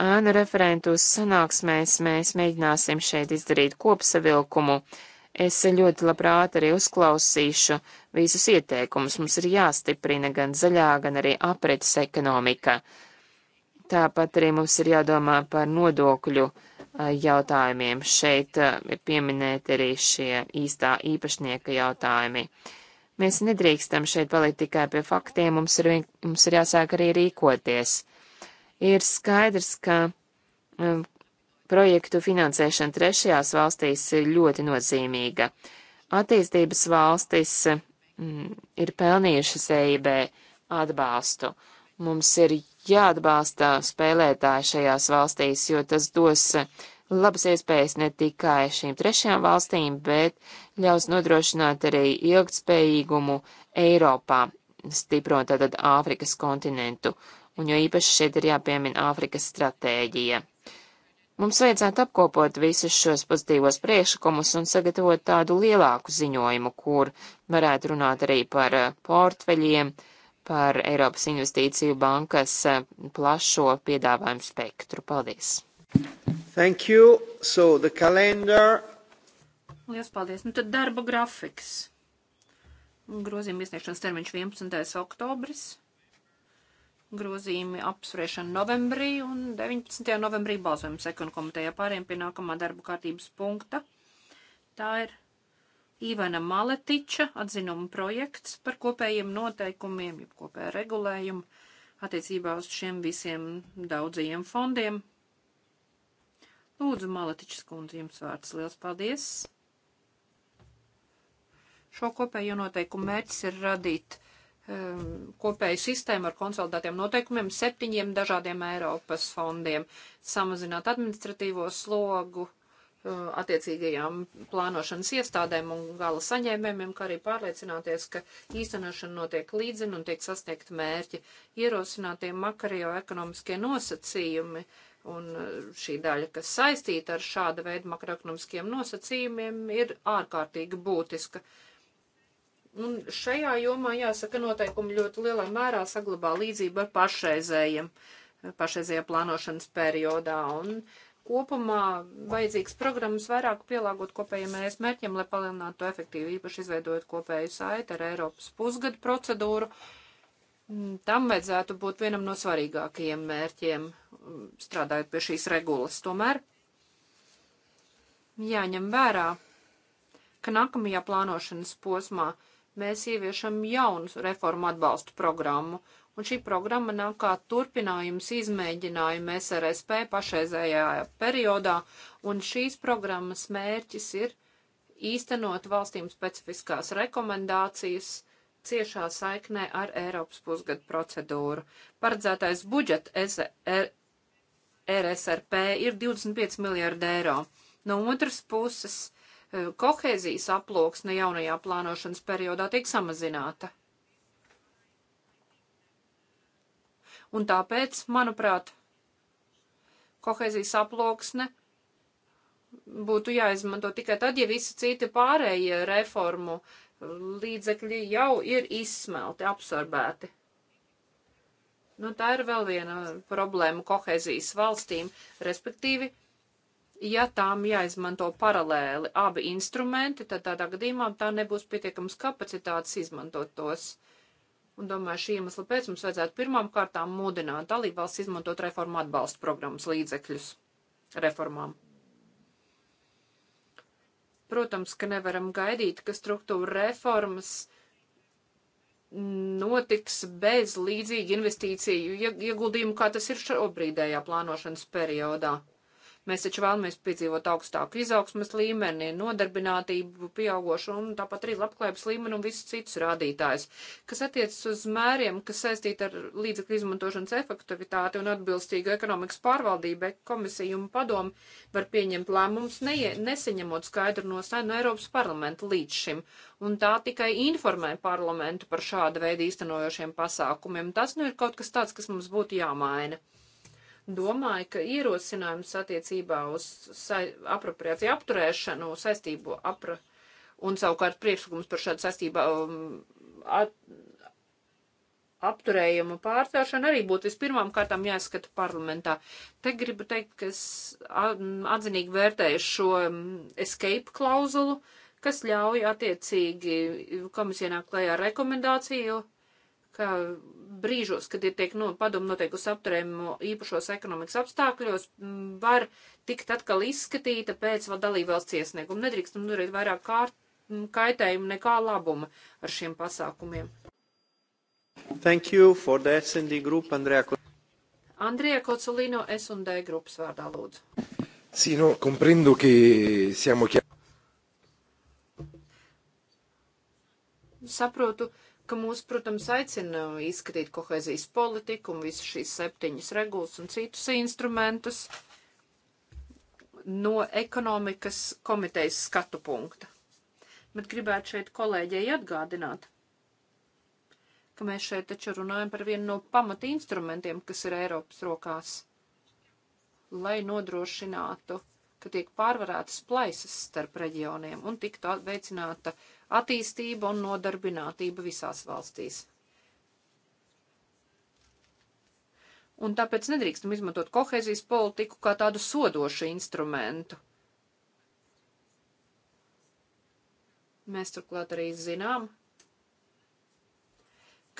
Ānu referentu sanāksmēs mēs mēģināsim šeit izdarīt kopsavilkumu Es ļoti labprāt arī uzklausīšu visus ieteikumus. Mums ir jāstiprina gan zaļā, gan arī apretes ekonomika. Tāpat arī mums ir jādomā par nodokļu jautājumiem. Šeit ir pieminēti arī šie īstā īpašnieka jautājumi. Mēs nedrīkstam šeit palikt tikai pie faktiem, mums ir, mums ir jāsāk arī rīkoties. Ir skaidrs, ka Projektu finansēšana trešajās valstīs ir ļoti nozīmīga. Attīstības valstis mm, ir pelnījušas EIB atbalstu. Mums ir jāatbalsta spēlētāji šajās valstīs, jo tas dos labas iespējas ne tikai šīm trešajām valstīm, bet ļaus nodrošināt arī ilgtspējīgumu Eiropā, stiprinot tātad Āfrikas kontinentu, un jo īpaši šeit ir jāpiemina Āfrikas stratēģija. Mums vajadzētu apkopot visus šos pozitīvos priekšlikumus un sagatavot tādu lielāku ziņojumu, kur varētu runāt arī par eh, portfeļiem, par Eiropas Investīciju bankas eh, plašo piedāvājumu spektru. Paldies! Thank you. So the calendar. Lielas paldies. Nu tad darba grafiks. Grozījuma iesniegšanas termiņš 11. oktobris grozījumi apspriešana novembrī un 19. novembrī balsojums sekundu komitejā pāriem pie nākamā darba kārtības punkta. Tā ir Ivana Maletiča atzinuma projekts par kopējiem noteikumiem, jeb kopējā regulējumu attiecībā uz šiem visiem daudzajiem fondiem. Lūdzu, Maletičs kundze, jums vārds liels paldies! Šo kopējo noteikumu mērķis ir radīt Um, kopēju sistēmu ar konsolidētiem noteikumiem septiņiem dažādiem Eiropas fondiem, samazināt administratīvo slogu uh, attiecīgajām plānošanas iestādēm un gala saņēmējiem, kā arī pārliecināties, ka īstenošana notiek līdzina un tiek sasniegta mērķi, ierosinātie makroekonomiskie nosacījumi, Un uh, šī daļa, kas saistīta ar šāda veida makroekonomiskiem nosacījumiem, ir ārkārtīgi būtiska. Un šajā jomā, jāsaka, noteikumi ļoti lielā mērā saglabā līdzību ar pašreizējiem, pašreizējā plānošanas periodā. Un kopumā vajadzīgs programmas vairāk pielāgot kopējiem ES mērķiem, lai palielinātu to efektīvi, īpaši izveidojot kopēju saiti ar Eiropas pusgadu procedūru. Mm, tam vajadzētu būt vienam no svarīgākajiem mērķiem, mm, strādājot pie šīs regulas. Tomēr jāņem vērā, ka nākamajā plānošanas posmā mēs ieviešam jaunu reformu atbalstu programmu, un šī programma nav kā turpinājums izmēģinājuma SRSP pašreizējā periodā, un šīs programmas mērķis ir īstenot valstīm specifiskās rekomendācijas ciešā saiknē ar Eiropas pusgadu procedūru. Paredzētais budžets RSRP ir 25 miljārdi eiro. No otras puses, kohēzijas aploksne jaunajā plānošanas periodā tiek samazināta. Un tāpēc, manuprāt, kohēzijas aploksne būtu jāizmanto tikai tad, ja visi citi pārējie reformu līdzekļi jau ir izsmelti, absorbēti. Nu, tā ir vēl viena problēma kohēzijas valstīm, respektīvi ja tām jāizmanto paralēli abi instrumenti, tad tādā gadījumā tā nebūs pietiekams kapacitātes izmantot tos. Un domāju, šī iemesla pēc mums vajadzētu pirmām kārtām mudināt dalībvalsts izmantot reformu atbalstu programmas līdzekļus reformām. Protams, ka nevaram gaidīt, ka struktūra reformas notiks bez līdzīgu investīciju ieguldījumu, kā tas ir šobrīdējā plānošanas periodā. Mēs taču vēlamies piedzīvot augstāku izaugsmas līmeni, nodarbinātību pieaugošu un tāpat arī labklājības līmeni un visus citus rādītājus, kas attiecas uz mēriem, kas saistīti ar līdzekļu izmantošanas efektivitāti un atbilstīgu ekonomikas pārvaldību. Komisija un padomu var pieņemt lēmumus, ne, neseņemot skaidru nostāju no Eiropas parlamenta līdz šim. Un tā tikai informē parlamentu par šādu veidu īstenojošiem pasākumiem. Tas nu ir kaut kas tāds, kas mums būtu jāmaina domāju, ka ierosinājums attiecībā uz sa apropriāciju apturēšanu saistību apra un savukārt priekšlikums par šādu saistību um, at, apturējumu pārcelšanu arī būtu vispirmām kārtām jāskata parlamentā. Te gribu teikt, ka es atzinīgi vērtēju šo um, escape klauzulu, kas ļauj attiecīgi komisijā nāk klajā rekomendāciju ka brīžos, kad ir tiek no, padomu noteikusi apturējumu īpašos ekonomikas apstākļos, var tikt atkal izskatīta pēc vēl dalībvalsts iesnieguma. Nedrīkstam nurēt vairāk kārt, kaitējumu nekā labuma ar šiem pasākumiem. Thank you for the SND group, Andrea. Andrea Cozzolino, S&D grupas vārdā lūdzu. Sì, no, comprendo che siamo chiari. Saprotu, uh, ka mūs, protams, aicina izskatīt kohēzijas politiku un visu šīs septiņas regulas un citus instrumentus no ekonomikas komitejas skatu punkta. Bet gribētu šeit kolēģei atgādināt, ka mēs šeit taču runājam par vienu no pamata instrumentiem, kas ir Eiropas rokās, lai nodrošinātu, ka tiek pārvarētas plaisas starp reģioniem un tiktu veicināta uh, attīstība un nodarbinātība visās valstīs. Un tāpēc nedrīkstam izmantot kohēzijas politiku kā tādu sodošu instrumentu. Mēs turklāt arī zinām,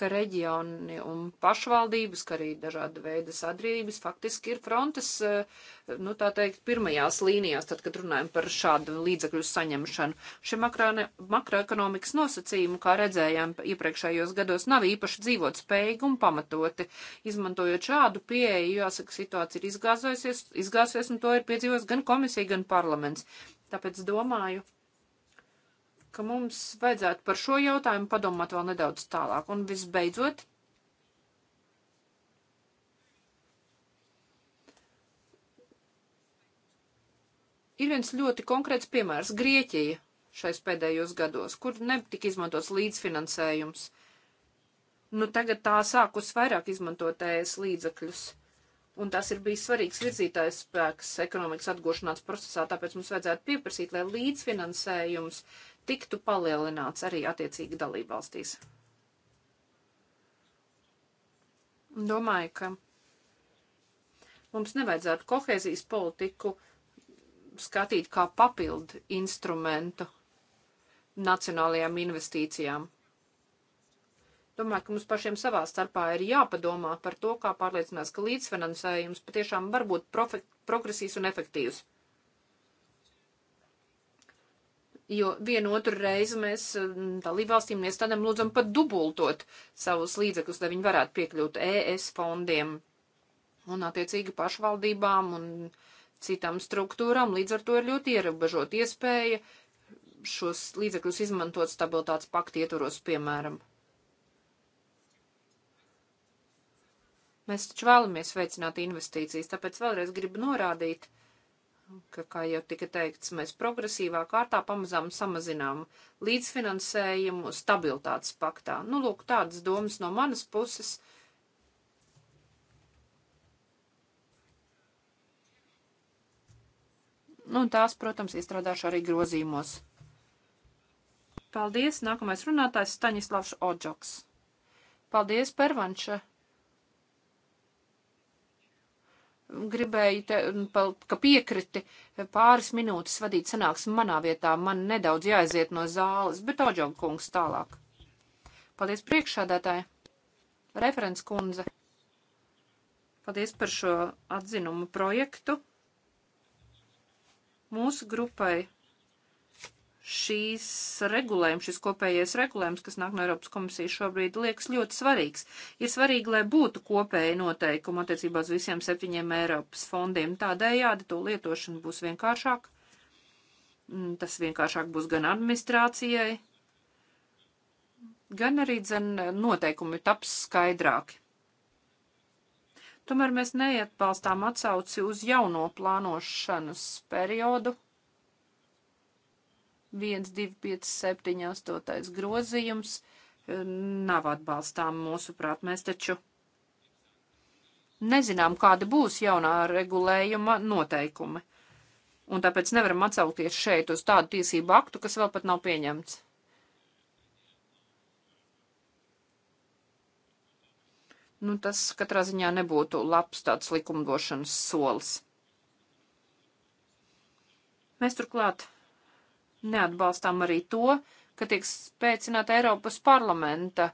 ka reģioni un pašvaldības, ka arī dažāda veida sadrības faktiski ir frontes, eh, nu tā teikt, pirmajās līnijās, tad, kad runājam par šādu līdzekļu saņemšanu. Šie makroekonomikas nosacījumi, kā redzējām iepriekšējos gados, nav īpaši dzīvot spējīgi un pamatoti. Izmantojot šādu pieeju, jāsaka, situācija ir izgāzusies, izgāzusies un to ir piedzīvojis gan komisija, gan parlaments. Tāpēc domāju, ka mums vajadzētu par šo jautājumu padomāt vēl nedaudz tālāk. Un visbeidzot, ir viens ļoti konkrēts piemērs - Grieķija šais pēdējos gados, kur netika izmantots līdzfinansējums. Nu, tagad tā sākus vairāk izmantot ēs līdzakļus. Un tas ir bijis svarīgs virzītājs spēks ekonomikas atgošanās procesā, tāpēc mums vajadzētu pieprasīt, lai līdzfinansējums uh, tiktu palielināts arī attiecīgi dalībvalstīs. Domāju, ka mums nevajadzētu kohēzijas politiku skatīt kā papildu instrumentu nacionālajām investīcijām. Domāju, ka mums pašiem savā starpā ir jāpadomā par to, kā pārliecinās, ka līdzfinansējums patiešām var būt progresīvs un efektīvs. jo vienu otru reizi mēs mm, dalībvalstīm iestādēm lūdzam pat dubultot savus līdzekļus, lai viņi varētu piekļūt ES fondiem un attiecīgi pašvaldībām un citām struktūrām. Līdz ar to ir ļoti ierobežot iespēja šos līdzekļus izmantot stabilitātes pakti ietvaros, piemēram. Mēs taču vēlamies veicināt investīcijas, tāpēc vēlreiz gribu norādīt, ka ka, kā jau tika teikts, mēs progresīvā kārtā pamazām samazinām līdzfinansējumu stabilitātes paktā. Nu, lūk, tādas domas no manas puses. Nu, un tās, protams, izstrādāšu arī grozījumos. Paldies! Nākamais runātājs Staņislavs Odžoks. Paldies, Pervanša! gribēju, te, ka piekriti e, pāris minūtes vadīt sanāksmi manā vietā. Man nedaudz jāaiziet no zāles, bet Oģoga kungs tālāk. Paldies priekšādātāji. Referents kundze. Paldies par šo atzinumu projektu. Mūsu grupai šīs regulējums, šis kopējais regulējums, kas nāk no Eiropas komisijas šobrīd, liekas ļoti svarīgs. Ir svarīgi, lai būtu kopēji noteikumi attiecībā uz visiem septiņiem Eiropas fondiem. Tādējādi to lietošana būs vienkāršāk. Mm, tas vienkāršāk būs gan administrācijai, gan arī dzen noteikumi taps skaidrāki. Tomēr mēs neatbalstām atsauci uz jauno plānošanas periodu 1, 2, 5, 7, 8 grozījums e, nav atbalstām mūsuprāt. Mēs taču nezinām, kāda būs jaunā regulējuma noteikumi. Un tāpēc nevaram atsaukties šeit uz tādu tiesību aktu, kas vēl pat nav pieņemts. Nu, tas katrā ziņā nebūtu labs tāds likumdošanas solis. Mēs turklāt Neatbalstām arī to, ka tiek spēcināta Eiropas parlamenta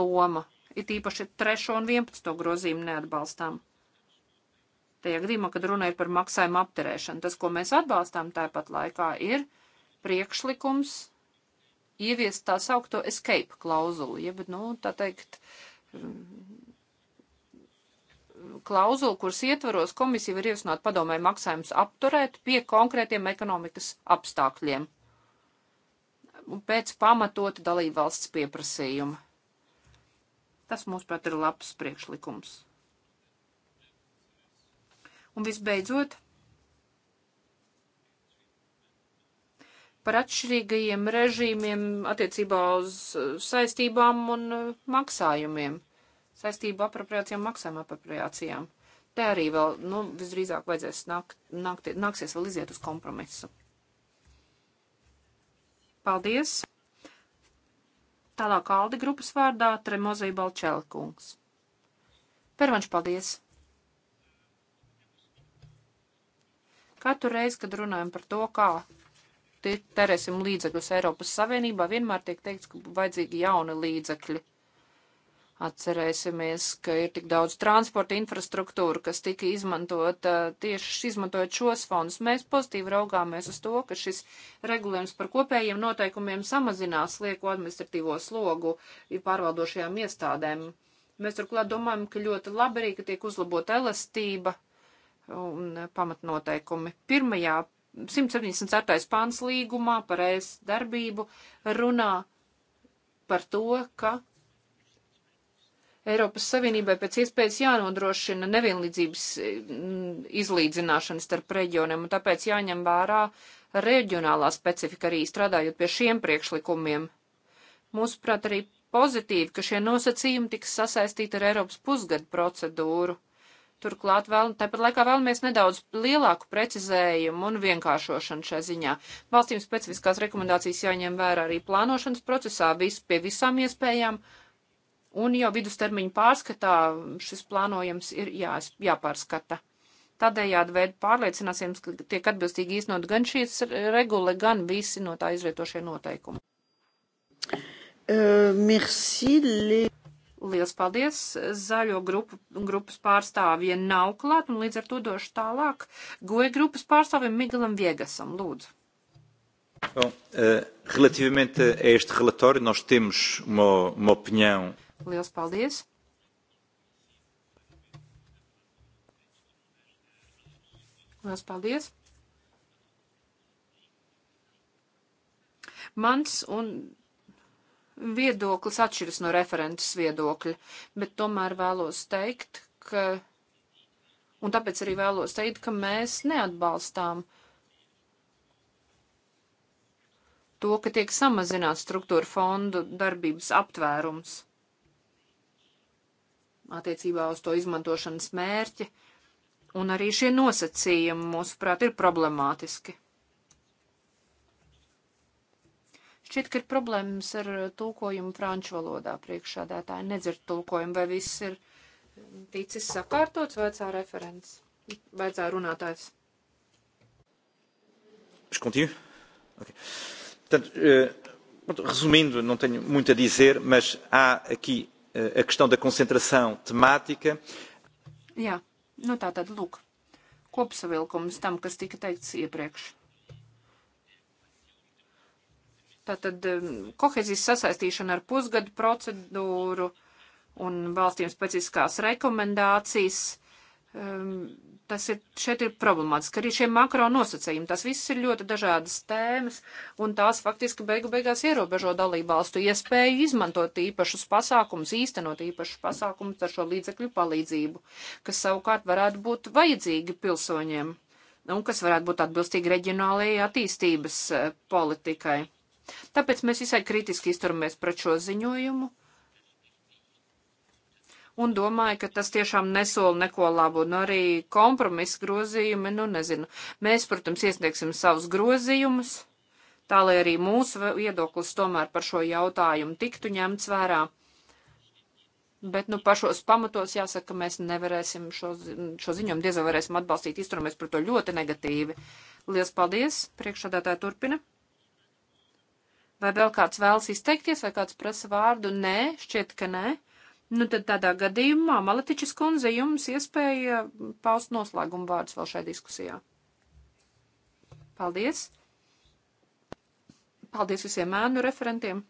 loma, it īpaši 3. un 11. grozījumu neatbalstām. Tajā gadījumā, kad runa ir par maksājumu apterēšanu, tas, ko mēs atbalstām tāpat laikā, ir priekšlikums ieviest tā saukto escape klauzulu, jeb, nu, tā teikt, klauzulu, kuras ietvaros komisija var ievisināt padomē maksājumus apturēt pie konkrētiem ekonomikas apstākļiem pēc pamatota dalību valsts pieprasījuma. Tas, mūsuprāt, ir labs priekšlikums. Un visbeidzot, par atšķirīgajiem režīmiem attiecībā uz saistībām un uh, maksājumiem saistību apropriācijām, maksājuma apropriācijām. Te arī vēl, nu, visdrīzāk vajadzēs nākt, nākt, nāksies vēl iziet uz kompromisu. Paldies! Tālāk Aldi grupas vārdā Tremozei Balčēlkungs. Pervanš, paldies! Katru reizi, kad runājam par to, kā terēsim līdzekļus Eiropas Savienībā, vienmēr tiek teikts, ka vajadzīgi jauni līdzekļi. Atcerēsimies, ka ir tik daudz transporta infrastruktūra, kas tika izmantota tieši izmantojot šos fondus. Mēs pozitīvi raugāmies uz to, ka šis regulējums par kopējiem noteikumiem samazinās lieko administratīvo slogu pārvaldošajām iestādēm. Mēs turklāt domājam, ka ļoti labi arī, ka tiek uzlabota elastība un pamatnoteikumi. Pirmajā 174. pāns līgumā par ēst darbību runā par to, ka Eiropas Savienībai pēc iespējas jānodrošina nevienlīdzības mm, izlīdzināšana starp reģioniem, un tāpēc jāņem vērā reģionālā specifika arī strādājot pie šiem priekšlikumiem. Mūsuprāt, arī pozitīvi, ka šie nosacījumi tiks sasaistīti ar Eiropas pusgadu procedūru. Turklāt vēl, tāpat laikā vēlamies nedaudz lielāku precizējumu un vienkāršošanu šai ziņā. Valstīm specifiskās rekomendācijas jāņem vērā arī plānošanas procesā vis, pie visām iespējām, uh, un jau vidustermiņu pārskatā šis plānojums ir jā, jāpārskata. Tādējādi veidu pārliecināsim, ka tiek atbilstīgi īstenot gan šīs regula, gan visi no tā izrietošie noteikumi. Uh, merci, le... Liels paldies! Zaļo grupu, grupas pārstāvja nav klāt, un līdz ar to došu tālāk goja grupas pārstāvim Miguelam Viegasam. Lūdzu! Bom, uh, relativamente a este relatório, nós temos uma, uma opinião Liels paldies! Liels paldies! Mans un viedoklis atšķiras no referentes viedokļa, bet tomēr vēlos teikt, ka, un tāpēc arī vēlos teikt, ka mēs neatbalstām to, ka tiek samazināts struktūra fondu darbības aptvērums attiecībā uz to izmantošanas mērķi, un arī šie nosacījumi, mūsuprāt, ir problemātiski. Šķiet, ka ir problēmas ar tulkojumu franču valodā priekšādātāji. Nedzird tulkojumu, vai viss ir ticis sakārtots, vajadzā referents, vajadzā runātājs. Es continue? Okay. Portanto, eh, uh, resumindo, não tenho muito a dizer, mas há aqui Eh, a questão da concentração temática. Jā, nu tā tad lūk, kopsavilkums tam, kas tika teikts iepriekš. Tātad kohezijas sasaistīšana ar pusgadu procedūru un valstīm specifiskās rekomendācijas Um, tas ir, šeit ir problemātiski. Arī šie makro nosacījumi, tas viss ir ļoti dažādas tēmas, un tās faktiski beigu beigās ierobežo dalībvalstu iespēju izmantot īpašus pasākumus, īstenot īpašus pasākumus ar šo līdzekļu palīdzību, kas savukārt varētu būt vajadzīgi pilsoņiem, un kas varētu būt atbilstīgi reģionālajai attīstības eh, politikai. Tāpēc mēs visai kritiski izturamies pret šo ziņojumu un domāju, ka tas tiešām nesola neko labu. Un arī kompromisa grozījumi, nu nezinu, mēs, protams, iesniegsim savus grozījumus, tā lai arī mūsu viedoklis tomēr par šo jautājumu tiktu ņemts vērā. Bet nu, pašos pamatos jāsaka, ka mēs nevarēsim šo, šo ziņojumu diez vai varēsim atbalstīt. Izturamies par to ļoti negatīvi. Lielas paldies! Priekšādātāja turpina. Vai vēl kāds vēlas izteikties, vai kāds prasa vārdu? Nē, šķiet, ka nē. Nu, tad tādā gadījumā Maletičas kundze jums iespēja paust noslēgumu vārdus vēl šai diskusijā. Paldies! Paldies visiem ēnu referentiem!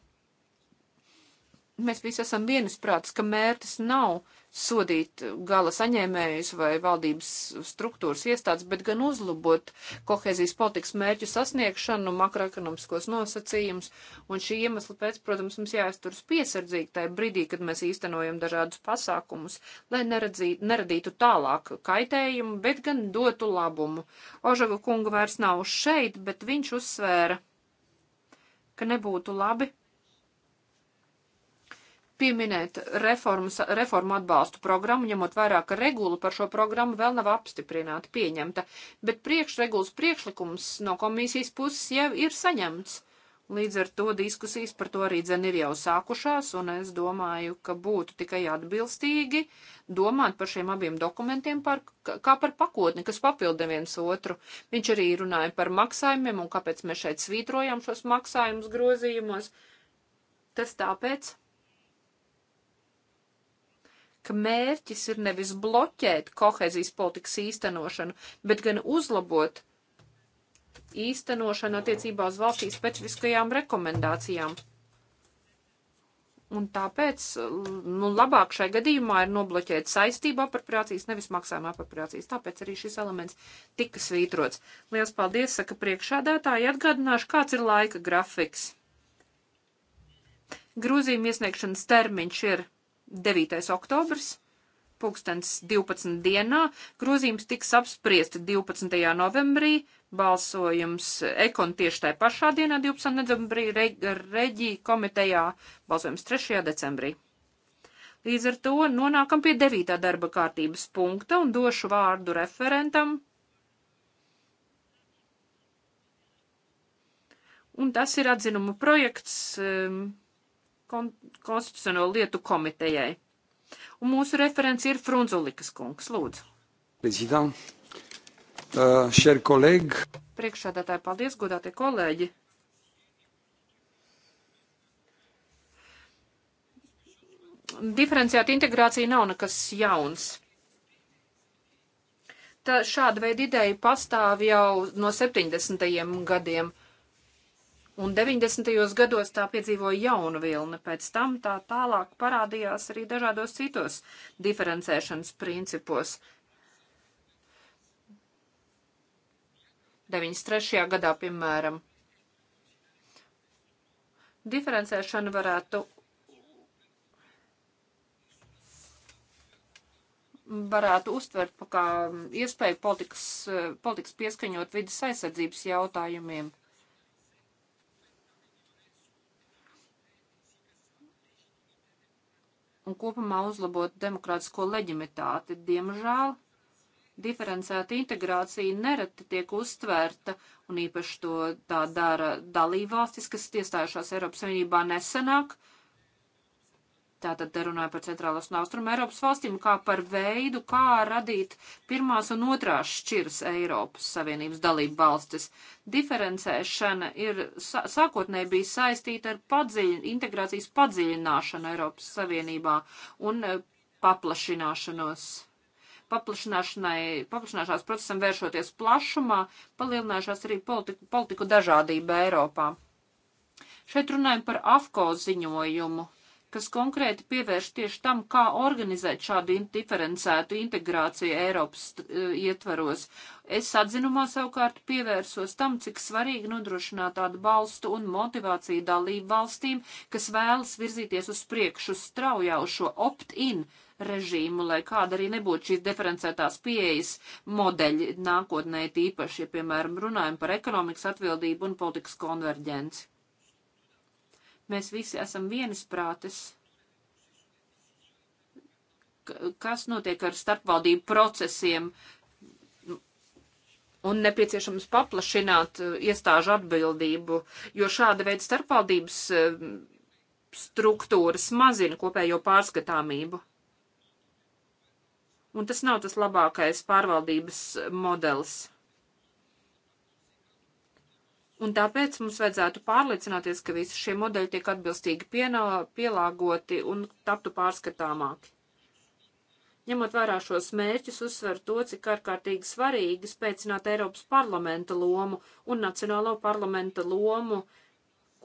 Mēs visi esam vienisprātis, ka mērķis nav sodīt gala saņēmējus vai valdības struktūras iestādes, bet gan uzlabot kohēzijas politikas mērķu sasniegšanu, makroekonomiskos nosacījumus. Un šī iemesla pēc, protams, mums jāizturas piesardzīgi tajā brīdī, kad mēs īstenojam dažādus pasākumus, lai neradzīt, neradītu tālāk kaitējumu, bet gan dotu labumu. Ožaga kunga vairs nav šeit, bet viņš uzsvēra, ka nebūtu labi pieminēt reformas, reformu atbalstu programmu, ņemot vērā, ka regula par šo programmu vēl nav apstiprināta, pieņemta, bet priekšregulas priekšlikums no komisijas puses jau ir saņemts. Līdz ar to diskusijas par to arī dzen ir jau sākušās, un es domāju, ka būtu tikai atbilstīgi domāt par šiem abiem dokumentiem par, kā par pakotni, kas papilda viens otru. Viņš arī runāja par maksājumiem un kāpēc mēs šeit svītrojam šos maksājumus grozījumos. Tas tāpēc, ka mērķis ir nevis bloķēt kohezijas politikas īstenošanu, bet gan uzlabot īstenošanu attiecībā uz valstī specifiskajām rekomendācijām. Un tāpēc nu, labāk šai gadījumā ir nobloķēt saistību apropriācijas, nevis maksājuma apropriācijas. Tāpēc arī šis elements tika svītrots. Lielas paldies, saka priekšādātāji. Atgādināšu, kāds ir laika grafiks. Grūzījuma iesniegšanas termiņš ir 9. oktobrs, pulkstens 12. dienā, grozījums tiks apspriesti 12. novembrī, balsojums ekon tieši tajā pašā dienā, 12. novembrī, re, reģī komitejā, balsojums 3. decembrī. Līdz ar to nonākam pie 9. darba kārtības punkta un došu vārdu referentam. Un tas ir atzinuma projekts. Um, kon konstitucionālo lietu komitejai. Un mūsu referents ir Frunzulikas kungs. Lūdzu. Prezident, uh, šer kolēģi. Priekšādātāji, paldies, godātie kolēģi. Diferenciēta integrācija nav nekas jauns. Tā, šāda veida ideja pastāv jau no 70. gadiem Un 90. gados tā piedzīvoja jaunu vilni, pēc tam tā tālāk parādījās arī dažādos citos diferencēšanas principos. 93. gadā, piemēram, diferencēšana varētu, varētu uztvert kā iespēju politikas, politikas pieskaņot vidas aizsardzības jautājumiem. un kopumā uzlabot demokrātisko leģimitāti. Diemžēl diferencēta integrācija nereti tiek uztvērta, un īpaši to tā dara dalībvalstis, kas iestājušās Eiropas Savienībā nesenāk. Uh, Tātad te runāju par centrālas un austrumu Eiropas valstīm, kā par veidu, kā radīt pirmās un otrās šķiras Eiropas Savienības dalību valstis. Diferencēšana ir sākotnēji bija saistīta ar padziļ, integrācijas padziļināšanu Eiropas Savienībā un eh, paplašināšanos. Paplašināšanai, paplašināšanās procesam vēršoties plašumā, palielinājušās arī politiku, politiku dažādība Eiropā. Šeit runājam par AFCO ziņojumu kas konkrēti pievērš tieši tam, kā organizēt šādu diferencētu integrāciju Eiropas e, ietvaros. Es atzinumā savukārt pievērsos tam, cik svarīgi nodrošināt atbalstu un motivāciju dalību valstīm, kas vēlas virzīties uz priekšu straujā uz šo opt-in režīmu, lai kāda arī nebūtu šīs diferencētās pieejas modeļi nākotnē, tīpaši, ja, piemēram, runājam par ekonomikas atbildību un politikas konverģenci. Mēs visi esam vienisprātes kas notiek ar starpvaldību procesiem un nepieciešams paplašināt uh, iestāžu atbildību, jo šāda veida starpvaldības uh, struktūras mazina kopējo pārskatāmību. Un tas nav tas labākais pārvaldības modelis. Un tāpēc mums vajadzētu pārliecināties, ka visi šie modeļi tiek atbilstīgi pienā, pielāgoti un taptu pārskatāmāki. Ņemot vērā šos mērķus, uzsver to, cik ārkārtīgi svarīgi spēcināt Eiropas parlamenta lomu un Nacionālo parlamenta lomu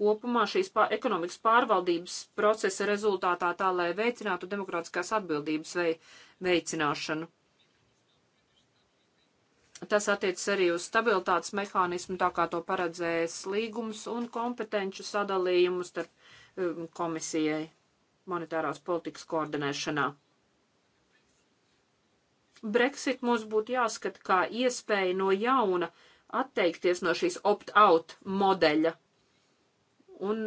kopumā šīs pār, ekonomikas pārvaldības procesa rezultātā tā, lai veicinātu demokrātiskās atbildības vei, veicināšanu. Tas attiecas arī uz stabilitātes mehānismu, tā kā to paredzēs līgums un kompetenču sadalījumu starp um, komisijai monetārās politikas koordinēšanā. Brexit mums būtu jāskata kā iespēja no jauna atteikties no šīs opt-out modeļa un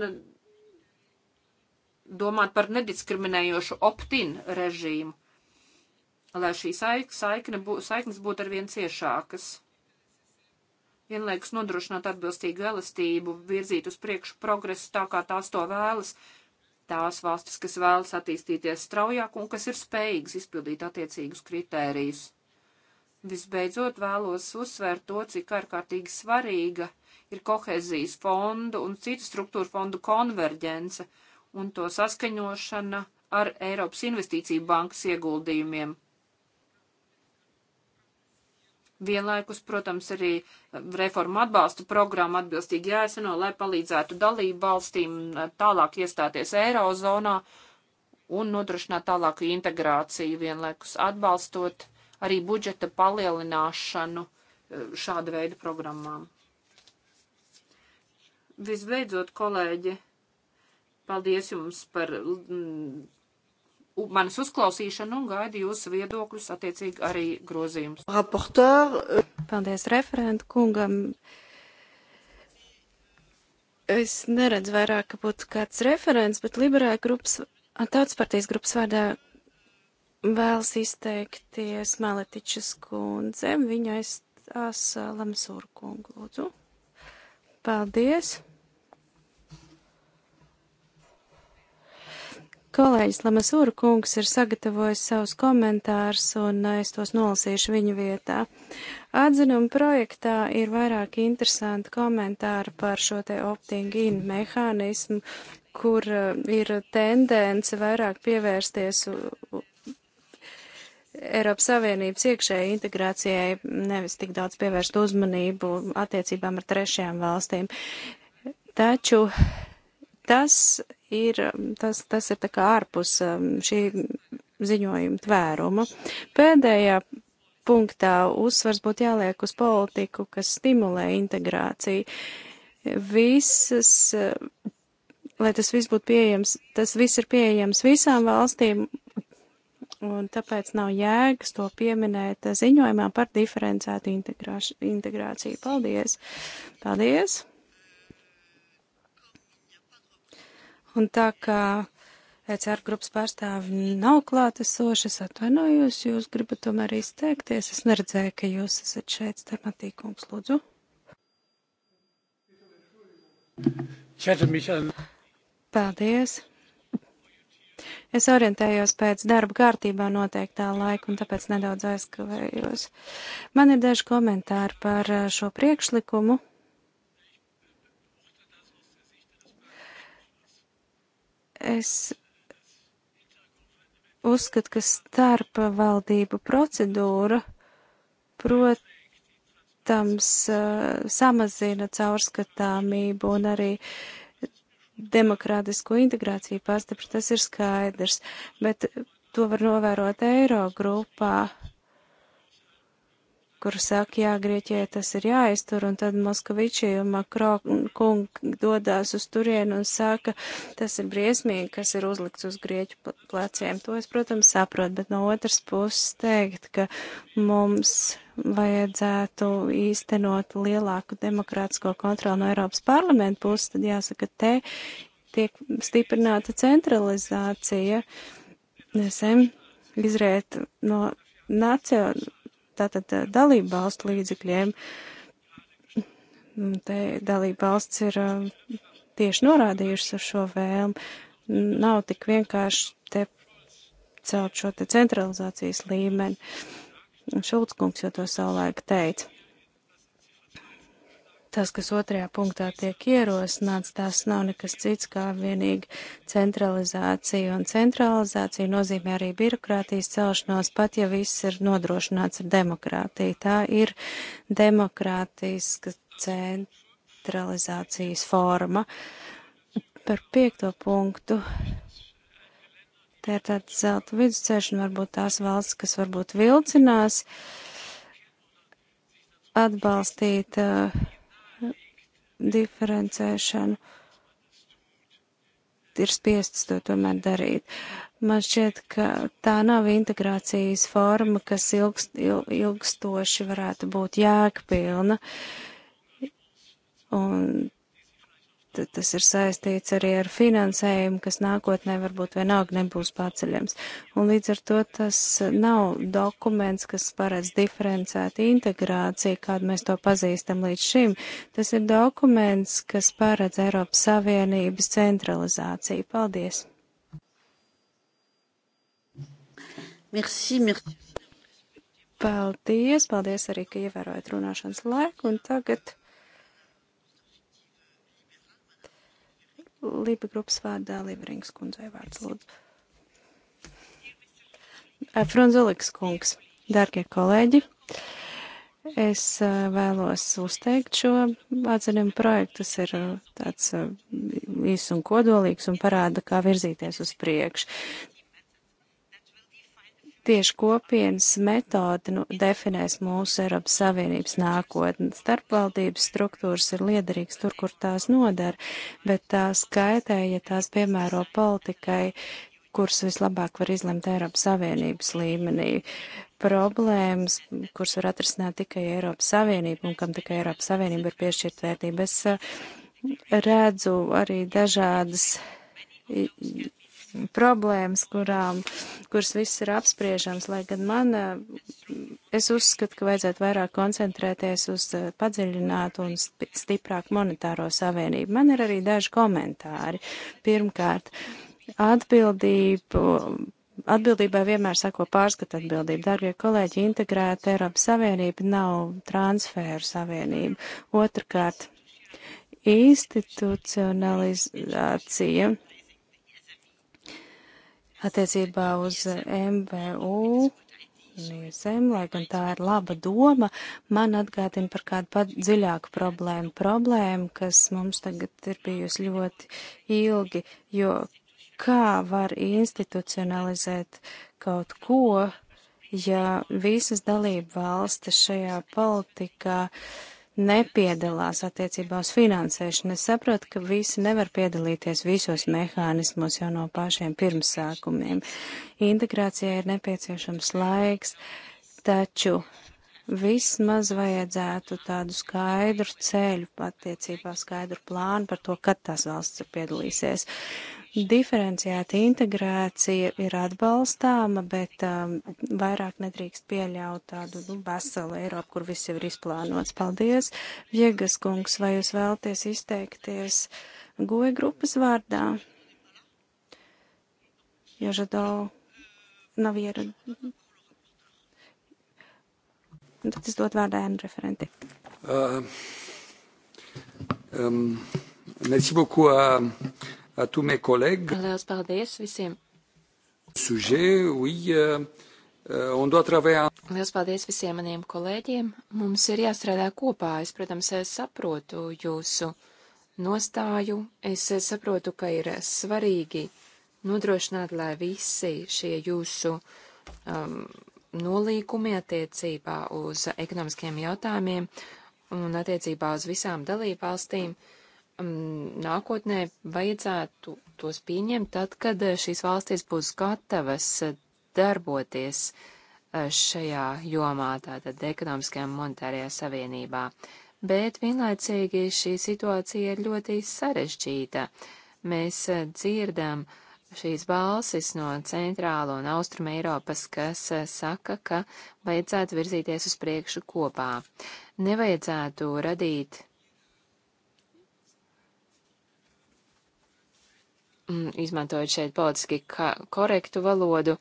domāt par nediskriminējošu opt-in režīmu lai šī saik, saikne, bū, saiknes būtu arvien ciešākas. Vienlaikus nodrošināt atbilstīgu elastību, virzīt uz priekšu progresu tā, kā tās to vēlas, tās valstis, kas vēlas attīstīties straujāk un kas ir spējīgas izpildīt attiecīgus kritērijus. Visbeidzot, vēlos uzsvērt to, cik ārkārtīgi svarīga ir kohezijas fondu un citu struktūru fondu konverģence un to saskaņošana ar Eiropas Investīciju bankas ieguldījumiem. Vienlaikus, protams, arī eh, reformu atbalsta programma atbilstīgi jāizsano, lai palīdzētu dalību valstīm eh, tālāk iestāties Eirozonā un nodrošināt tālāku integrāciju, vienlaikus atbalstot arī budžeta palielināšanu eh, šāda veida programmām. Visbeidzot, kolēģi, paldies jums par mm, manas uzklausīšanu un gaidu jūsu viedokļus, attiecīgi arī grozījumus. Raportēr. Euh, Paldies referentu kungam. Es neredzu vairāk, ka būtu kāds referents, bet liberāla grupas, tautas partijas grupas vārdā vēlas izteikties Maletičas kundze. Viņa aizstās euh, Lamsūru kungu, lūdzu. Paldies! Kolēģis Lamasūra kungs ir sagatavojis savus komentārus, un es tos nolasīšu viņa vietā. Atzinuma projektā ir vairāk interesanti komentāri par šo te opting-in mehānismu, kur uh, ir tendence vairāk pievērsties Eiropas Savienības iekšējai integrācijai, nevis tik daudz pievērst uzmanību attiecībām ar trešajām valstīm. Taču tas ir, tas, tas ir tā kā ārpus um, šī ziņojuma tvēruma. Pēdējā punktā uzsvars būtu jāliek uz politiku, kas stimulē integrāciju. Visas, lai tas viss būtu pieejams, tas viss ir pieejams visām valstīm, un tāpēc nav jēgas to pieminēt ziņojumā par diferencētu integrāciju. Paldies! Paldies! Un tā kā ECR grupas pārstāvi nav klātesošas, atvainojos, jūs gribat tomēr izteikties. Es neredzēju, ka jūs esat šeit, starmatīkums, lūdzu. Paldies. Es orientējos pēc darba kārtībā noteiktā laika un tāpēc nedaudz aizkavējos. Man ir daži komentāri par eh, šo priekšlikumu. Es uzskatu, ka starp valdību procedūra, protams, eh, samazina caurskatāmību un arī demokrātisko integrāciju pastiprs, tas ir skaidrs, bet to var novērot Eiro grupā kur saka, jā, Grieķijai tas ir jāiztur, un tad Moskavičī un Makro kungi dodās uz turienu un saka, tas ir briesmīgi, kas ir uzlikts uz Grieķu pleciem. To es, protams, saprotu, bet no otras puses teikt, ka mums vajadzētu īstenot lielāku demokrātisko kontroli no Eiropas parlamenta puses, tad jāsaka, te tiek stiprināta centralizācija. Nesem izriet no nacionāla tātad dalību valstu līdzekļiem. Mm, te dalība valsts ir tieši norādījušas ar šo vēlmu. Nav tik vienkārši te celt šo te centralizācijas līmeni. Šulckungs jau to savulaik teica tas, kas otrajā punktā tiek ierosināts, tas nav nekas cits kā vienīgi centralizācija. Un centralizācija nozīmē arī birokrātijas celšanos, pat ja viss ir nodrošināts ar demokrātiju. Tā ir demokrātiska centralizācijas forma. Par piekto punktu. Te ir tāds zelta vidusceļš, un varbūt tās valsts, kas varbūt vilcinās atbalstīt uh, diferencēšanu, ir spiests to tomēr darīt. Man šķiet, ka tā nav integrācijas forma, kas ilgst, il, ilgstoši varētu būt jēgpilna. Un tas ir saistīts arī ar finansējumu, kas nākotnē varbūt vienalga nebūs paceļams. Un līdz ar to tas nav dokuments, kas paredz diferencētu integrāciju, kādu mēs to pazīstam līdz šim. Tas ir dokuments, kas paredz Eiropas Savienības centralizāciju. Paldies! Merci, merci. Paldies, paldies arī, ka ievērojat runāšanas laiku, un tagad Liba grupas vārdā Librings kundzei vārds lūdzu. Eh, Frunzuliks kungs, dārgie kolēģi, es eh, vēlos uzteikt šo atzinumu projektu. Tas ir eh, tāds īs un kodolīgs un parāda, kā virzīties uz priekšu. Tieši kopienas metode nu, definēs mūsu Eiropas Savienības nākotni. Starpvaldības struktūras ir liederīgas tur, kur tās nodara, bet tās kaitē, ja tās piemēro politikai, kuras vislabāk var izlemt Eiropas Savienības līmenī. Problēmas, kuras var atrisināt tikai Eiropas Savienība un kam tikai Eiropas Savienība ir piešķirt vērtība. Es eh, redzu arī dažādas problēmas, kurām, kuras viss ir apspriežams, lai gan man, eh, es uzskatu, ka vajadzētu vairāk koncentrēties uz eh, padziļinātu un stiprāku monetāro savienību. Man ir arī daži komentāri. Pirmkārt, atbildību. Atbildībai vienmēr sako pārskata atbildība. Darbie kolēģi, integrēta Eiropas Savienība nav transferu savienība. Otrkārt, institucionalizācija attiecībā uz MVU. Zem, lai gan tā ir laba doma, man atgādina par kādu pat dziļāku problēmu. Problēmu, kas mums tagad ir bijusi ļoti ilgi, jo kā var institucionalizēt kaut ko, ja visas dalība valstis šajā politikā uh, nepiedalās attiecībā uz finansēšanu. Es saprotu, ka visi nevar piedalīties visos mehānismos jau no pašiem pirmsākumiem. Integrācijai ir nepieciešams laiks, taču vismaz vajadzētu tādu skaidru ceļu, attiecībā skaidru plānu par to, kad tās valsts piedalīsies. Diferenciēta integrācija ir atbalstāma, bet um, vairāk nedrīkst pieļaut tādu nu, veselu Eiropu, kur viss jau ir izplānots. Paldies, Viegas kungs, vai jūs vēlties izteikties goja grupas vārdā? Jo žado nav ieradu. Nu, Un tad es dotu vārdu ēnu referenti. Uh, um, um, merci beaucoup à, uh, à tous mes collègues. Lielas paldies visiem. Sujet, oui, uh, un euh, doit travailler. Lielas paldies visiem maniem kolēģiem. Mums ir jāstrādā kopā. Es, protams, es saprotu jūsu nostāju. Es saprotu, ka ir svarīgi nodrošināt, lai visi šie jūsu um, nolīkumi attiecībā uz ekonomiskiem jautājumiem un attiecībā uz visām dalībvalstīm uh, Um, nākotnē vajadzētu tos pieņemt tad, kad uh, šīs valstis būs gatavas uh, darboties uh, šajā jomā, tātad ekonomiskajā un monetārajā savienībā. Bet vienlaicīgi šī situācija ir ļoti sarežģīta. Mēs dzirdam šīs balsis no centrāla un austruma Eiropas, kas saka, ka vajadzētu virzīties uz priekšu kopā. Nevajadzētu radīt Mm, izmantojot šeit politiski korektu valodu,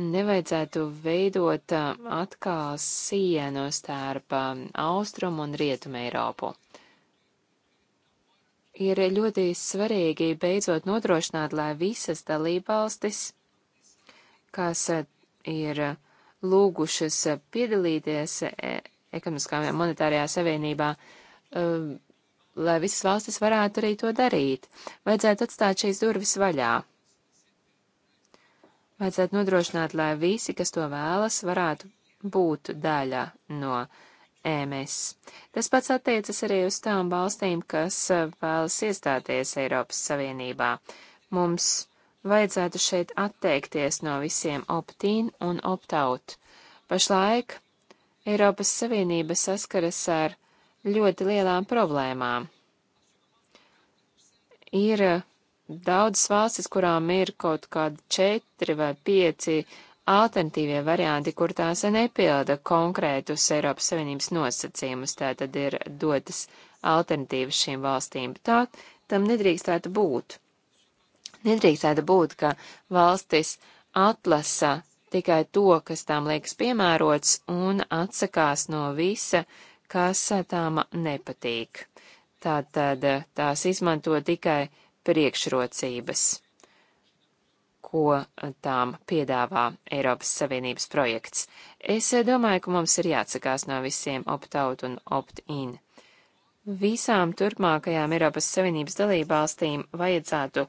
nevajadzētu veidot atkal sienu starp austrumu un rietumu Eiropu. Ir ļoti svarīgi beidzot nodrošināt, lai visas dalībvalstis, kas ir lūgušas piedalīties e, ekonomiskā monetārajā savienībā, lai visas valstis varētu arī to darīt. Vajadzētu atstāt šīs durvis vaļā. Vajadzētu nodrošināt, lai visi, kas to vēlas, varētu būt daļa no EMS. Tas pats attiecas arī uz tām valstīm, kas e, vēlas iestāties Eiropas Savienībā. Mums vajadzētu šeit atteikties no visiem opt-in un opt-out. Pašlaik Eiropas Savienība saskaras ar ļoti lielām problēmām. Ir eh, daudzas valstis, kurām ir kaut kādi četri vai pieci alternatīvie varianti, kur tās nepilda konkrētus Eiropas Savienības nosacījumus, tā tad ir dotas alternatīvas šīm valstīm. Tā tam nedrīkstētu būt. Nedrīkstētu būt, ka valstis atlasa tikai to, kas tām liekas piemērots, un atsakās no visa uh, kas eh, tām nepatīk. Tātad eh, tās izmanto tikai priekšrocības, ko eh, tām piedāvā Eiropas Savienības projekts. Es domāju, ka mums ir jāatsakās no visiem opt-out un opt-in. Visām turpmākajām Eiropas Savienības dalībvalstīm vajadzētu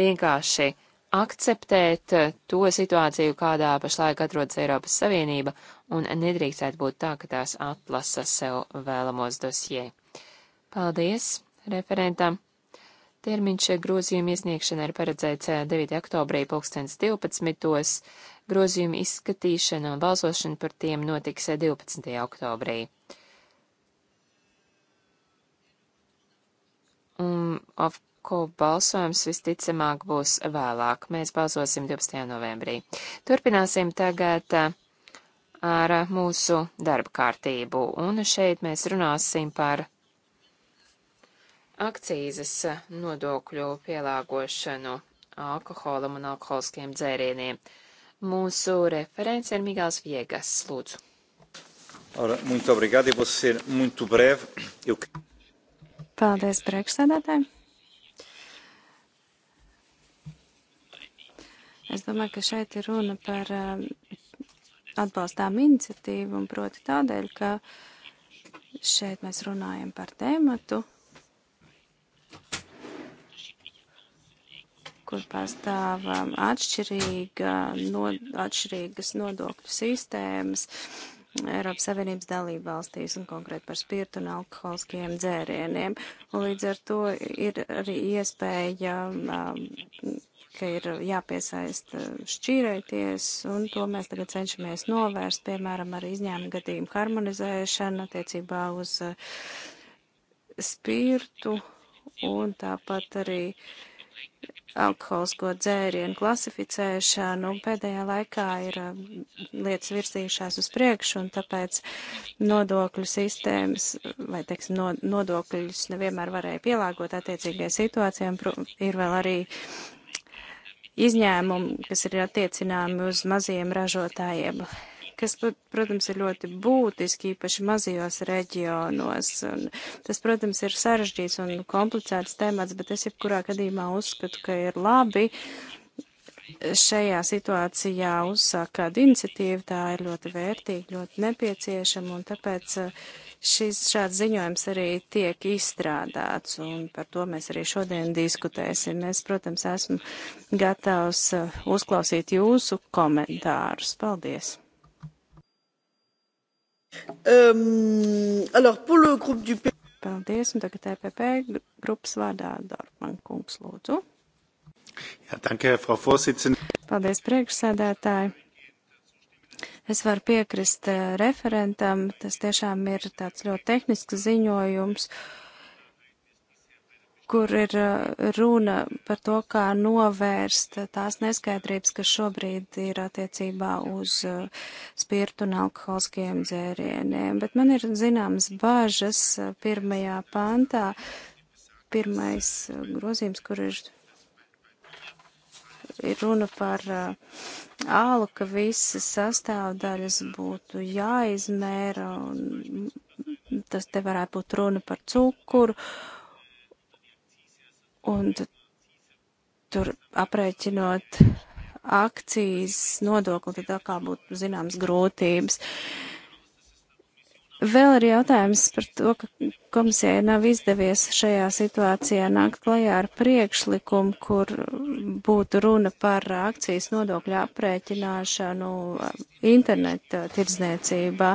vienkārši akceptēt eh, to situāciju, kādā pašlaik atrodas Eiropas Savienība, un nedrīkstētu būt tā, ka tās atlasa sev vēlamos dosjē. Paldies referentam! Termiņš grozījuma iesniegšana ir paredzēts 9. Eh, oktobrī 2012. Grozījuma izskatīšana un balsošana par tiem notiks 12. Eh, oktobrī. Un, of bloku balsojums visticamāk būs vēlāk. Mēs balsosim 12. novembrī. Turpināsim tagad uh, ar mūsu darba kārtību, un šeit mēs runāsim par akcīzes nodokļu pielāgošanu alkoholam un alkoholiskiem dzērieniem. Mūsu referents ir Migāls Viegas. Lūdzu. Ora, muito obrigado, eu vou ser muito breve. Eu... Paldies, priekšsēdētāji. Es domāju, ka šeit ir runa par eh, atbalstām iniciatīvu un proti tādēļ, ka šeit mēs runājam par tēmatu, kur pastāv um, atšķirīga, no, atšķirīgas nodokļu sistēmas Eiropas Savienības dalību valstīs un konkrēti par spirtu un alkoholiskiem dzērieniem. Un līdz ar to ir arī iespēja um, ka ir jāpiesaista eh, šķīrēties, un to mēs tagad cenšamies novērst, piemēram, ar izņēmumu gadījumu harmonizēšanu attiecībā uz eh, spirtu un tāpat arī alkoholisko dzērienu klasificēšanu. Pēdējā laikā ir eh, lietas virzījušās uz priekšu, un tāpēc nodokļu sistēmas vai, teiksim, nodokļus nevienmēr varēja pielāgot attiecīgai situācijām. Ir vēl arī izņēmumi, kas ir attiecināmi uz maziem ražotājiem, kas, protams, ir ļoti būtiski, īpaši mazajos reģionos. Un tas, protams, ir sarežģīts un komplicēts temats, bet es jebkurā gadījumā uzskatu, ka ir labi šajā situācijā uzsākt kādu iniciatīvu. Tā ir ļoti vērtīga, ļoti nepieciešama, un tāpēc uh, Šis šāds ziņojums arī tiek izstrādāts, un par to mēs arī šodien diskutēsim. Es, protams, esmu gatavs eh, uzklausīt jūsu komentārus. Paldies! Um, alors, pour le groupe du... Paldies, un tagad EPP grupas vārdā Dorman kungs lūdzu. Jā, ja, danke, Frau Vorsitzende. Paldies, priekšsēdētāji. Es varu piekrist eh, referentam, tas tiešām ir tāds ļoti tehnisks ziņojums, kur ir eh, runa par to, kā novērst tās neskaidrības, kas šobrīd ir attiecībā uz eh, spirtu un alkoholiskiem dzērieniem. Bet man ir zināmas bažas pirmajā pantā, pirmais grozījums, kur ir ir runa par uh, alu, ka visas sastāvdaļas būtu jāizmēra, un tas te varētu būt runa par cukuru, un tur aprēķinot akcijas nodokli, tad tā kā būtu zināmas grūtības. Vēl ir jautājums par to, ka komisijai nav izdevies šajā situācijā nākt klajā ar priekšlikumu, kur būtu runa par akcijas nodokļu aprēķināšanu interneta tirdzniecībā.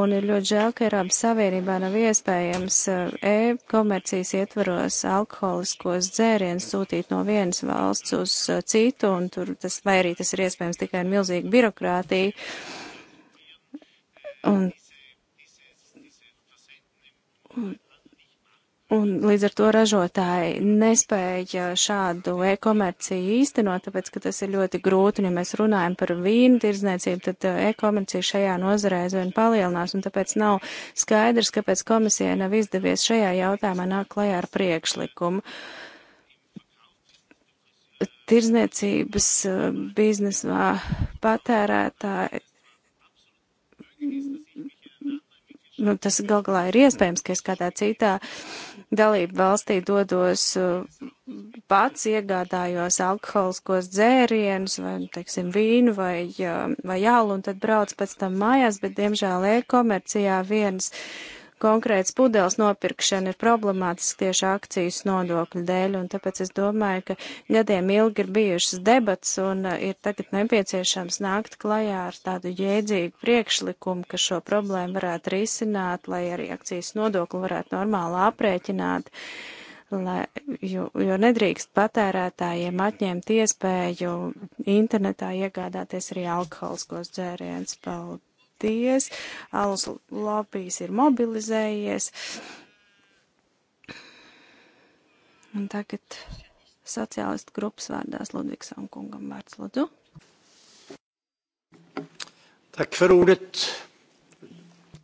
Un ir ļoti žēl, ka Eiropas Savienībā nav iespējams e, e-komercijas ietvaros alkoholiskos dzērienus sūtīt no vienas valsts uz e, citu, un tur tas, vai arī tas ir iespējams tikai ar milzīgu birokrātiju. Un, un Un līdz ar to ražotāji nespēja šādu e-komerciju īstenot, tāpēc, ka tas ir ļoti grūti, un ja mēs runājam par vīnu tirdzniecību, tad uh, e-komercija šajā nozarē aizvien palielinās, un tāpēc nav skaidrs, kāpēc komisijai nav izdevies šajā jautājumā nāk klajā ar priekšlikumu. Tirdzniecības uh, biznesā patērētāji nu, tas gal galā ir iespējams, ka es kādā citā dalību valstī dodos uh, pats iegādājos alkoholiskos dzērienus vai, teiksim, vīnu vai, uh, vai jālu un tad brauc pēc tam mājās, bet, diemžēl, e-komercijā viens konkrēts pudeles nopirkšana ir problemātiski tieši akcijas nodokļu dēļ, un tāpēc es domāju, ka gadiem ilgi ir bijušas debats un uh, ir tagad nepieciešams nākt klajā ar tādu jēdzīgu priekšlikumu, ka šo problēmu varētu risināt, lai arī akcijas nodokli varētu normāli aprēķināt. Lai, jo, jo nedrīkst patērētājiem atņemt iespēju internetā iegādāties arī alkoholiskos dzērienus. Paldies! Paldies! Alus Lapijas ir mobilizējies. Un tagad sociālistu grupas vārdās Ludvigsam kungam vārds lūdzu. Tak för ordet.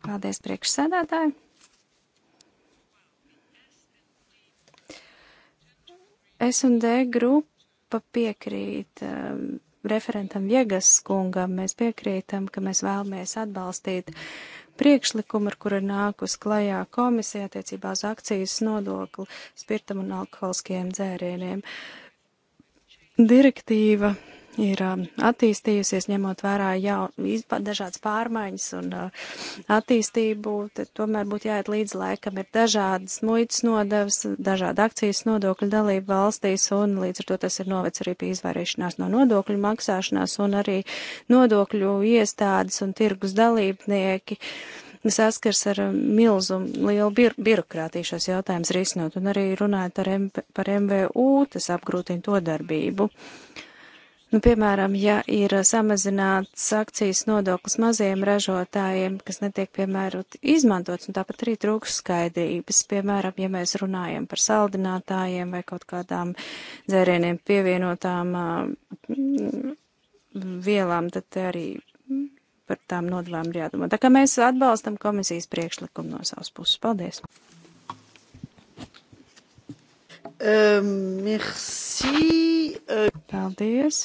Paldies priekšsēdētāji. S&D grupa piekrīt um, referentam Viegas kungam mēs piekrītam, ka mēs vēlamies atbalstīt priekšlikumu, ar kuru ir nākus klajā komisija attiecībā uz akcijas nodokli spirtam un alkoholiskiem dzērieniem. Direktīva ir um, attīstījusies, ņemot vērā jau dažādas pārmaiņas un uh, attīstību, tad tomēr būtu jāiet līdz laikam. Ir dažādas muitas nodevas, dažādi akcijas nodokļu dalība valstīs, un līdz ar to tas ir novec arī pie izvairīšanās no nodokļu maksāšanās, un arī nodokļu iestādes un tirgus dalībnieki saskars ar um, milzu lielu bir birokrātiju šos jautājumus risinot, un arī runājot ar M par MVU, tas apgrūtina to darbību. Uh, Nu, piemēram, ja ir samazināts akcijas nodoklis maziem ražotājiem, kas netiek piemērot izmantots, un tāpat arī trūks skaidrības, piemēram, ja mēs runājam par saldinātājiem vai kaut kādām dzērieniem pievienotām uh, vielām, tad arī par tām nodevām ir jādomā. Tā kā mēs atbalstam komisijas priekšlikumu no savas puses. Paldies! Um, merci. Uh... Paldies.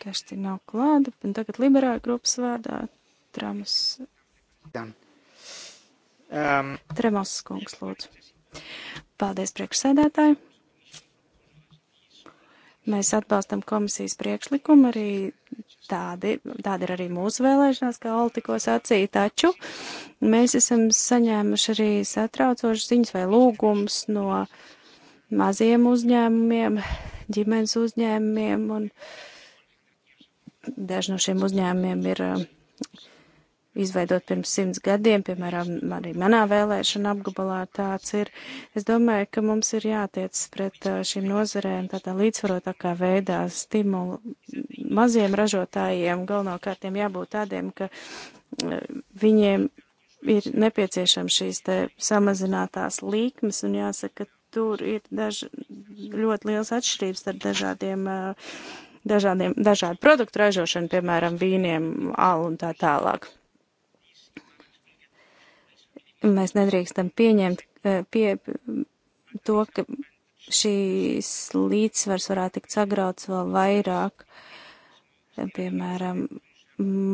Kešti nav klāta, un tagad liberāļu grupas vārdā Tramas. Um. Ehm. Tremos kungs, lūdzu. Paldies, priekšsēdētāji. Mēs atbalstam komisijas priekšlikumu, arī tādi, tādi ir arī mūsu vēlēšanās, kā Ola tikko sacīja, taču mēs esam saņēmuši arī satraucošas ziņas vai lūgums no maziem uzņēmumiem, ģimenes uzņēmumiem un uh, Daži no šiem uzņēmumiem ir eh, izveidot pirms simts gadiem, piemēram, arī manā vēlēšana apgabalā tāds ir. Es domāju, ka mums ir jātiec pret eh, šīm nozarēm tādā līdzsvarotākā veidā stimulu maziem ražotājiem, galvenokārt tiem jābūt tādiem, ka eh, viņiem ir nepieciešams šīs te samazinātās līkmes un jāsaka, tur ir daži ļoti liels atšķirības starp dažādiem uh, dažādiem, dažādu produktu ražošanu, piemēram, vīniem, alu un tā tālāk. Mēs nedrīkstam pieņemt eh, pie to, ka šīs līdzsvars varētu tikt sagrauts vēl vairāk, piemēram,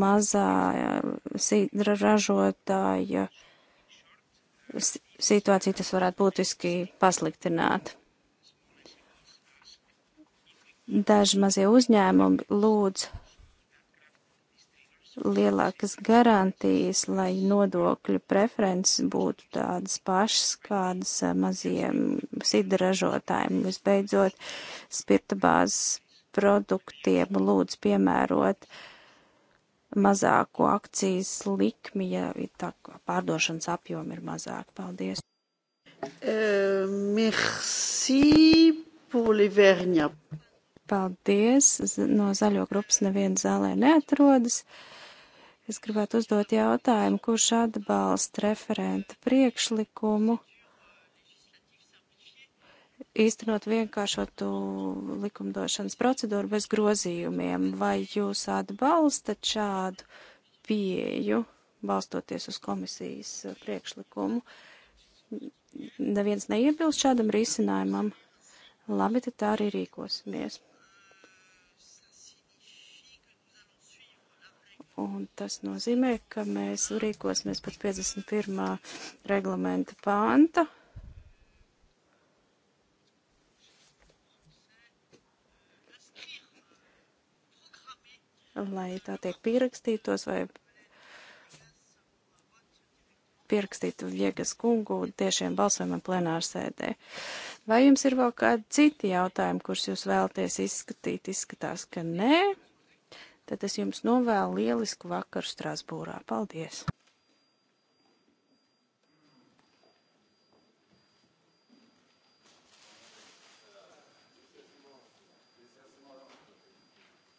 mazā eh, sidra ražotāja situācija tas varētu būtiski pasliktināt daži mazie uzņēmumi lūdz lielākas garantijas, lai nodokļu preferences būtu tādas pašas, kādas eh, maziem sidaražotājiem. Visbeidzot, spirta bāzes produktiem lūdz piemērot mazāko akcijas likmi, ja tā pārdošanas apjomi ir mazāk. Paldies! Uh, merci pour les vergnes. Paldies! No zaļo grupas neviena zālē neatrodas. Es gribētu uzdot jautājumu, kurš atbalsta referenta priekšlikumu īstenot vienkāršotu likumdošanas procedūru bez grozījumiem. Vai jūs atbalstat šādu pieju, balstoties uz komisijas priekšlikumu? Neviens neiebilst šādam risinājumam. Labi, tad tā arī rīkosimies. un tas nozīmē, ka mēs rīkosimies pēc 51. reglamenta pānta. Lai tā tiek pierakstītos vai pierakstītu Viegas kungu tiešiem balsojumam plenārsēdē. Vai jums ir vēl kādi citi jautājumi, kurus jūs vēlaties izskatīt? Izskatās, ka nē tad es jums novēlu lielisku vakaru Strasbūrā. Paldies!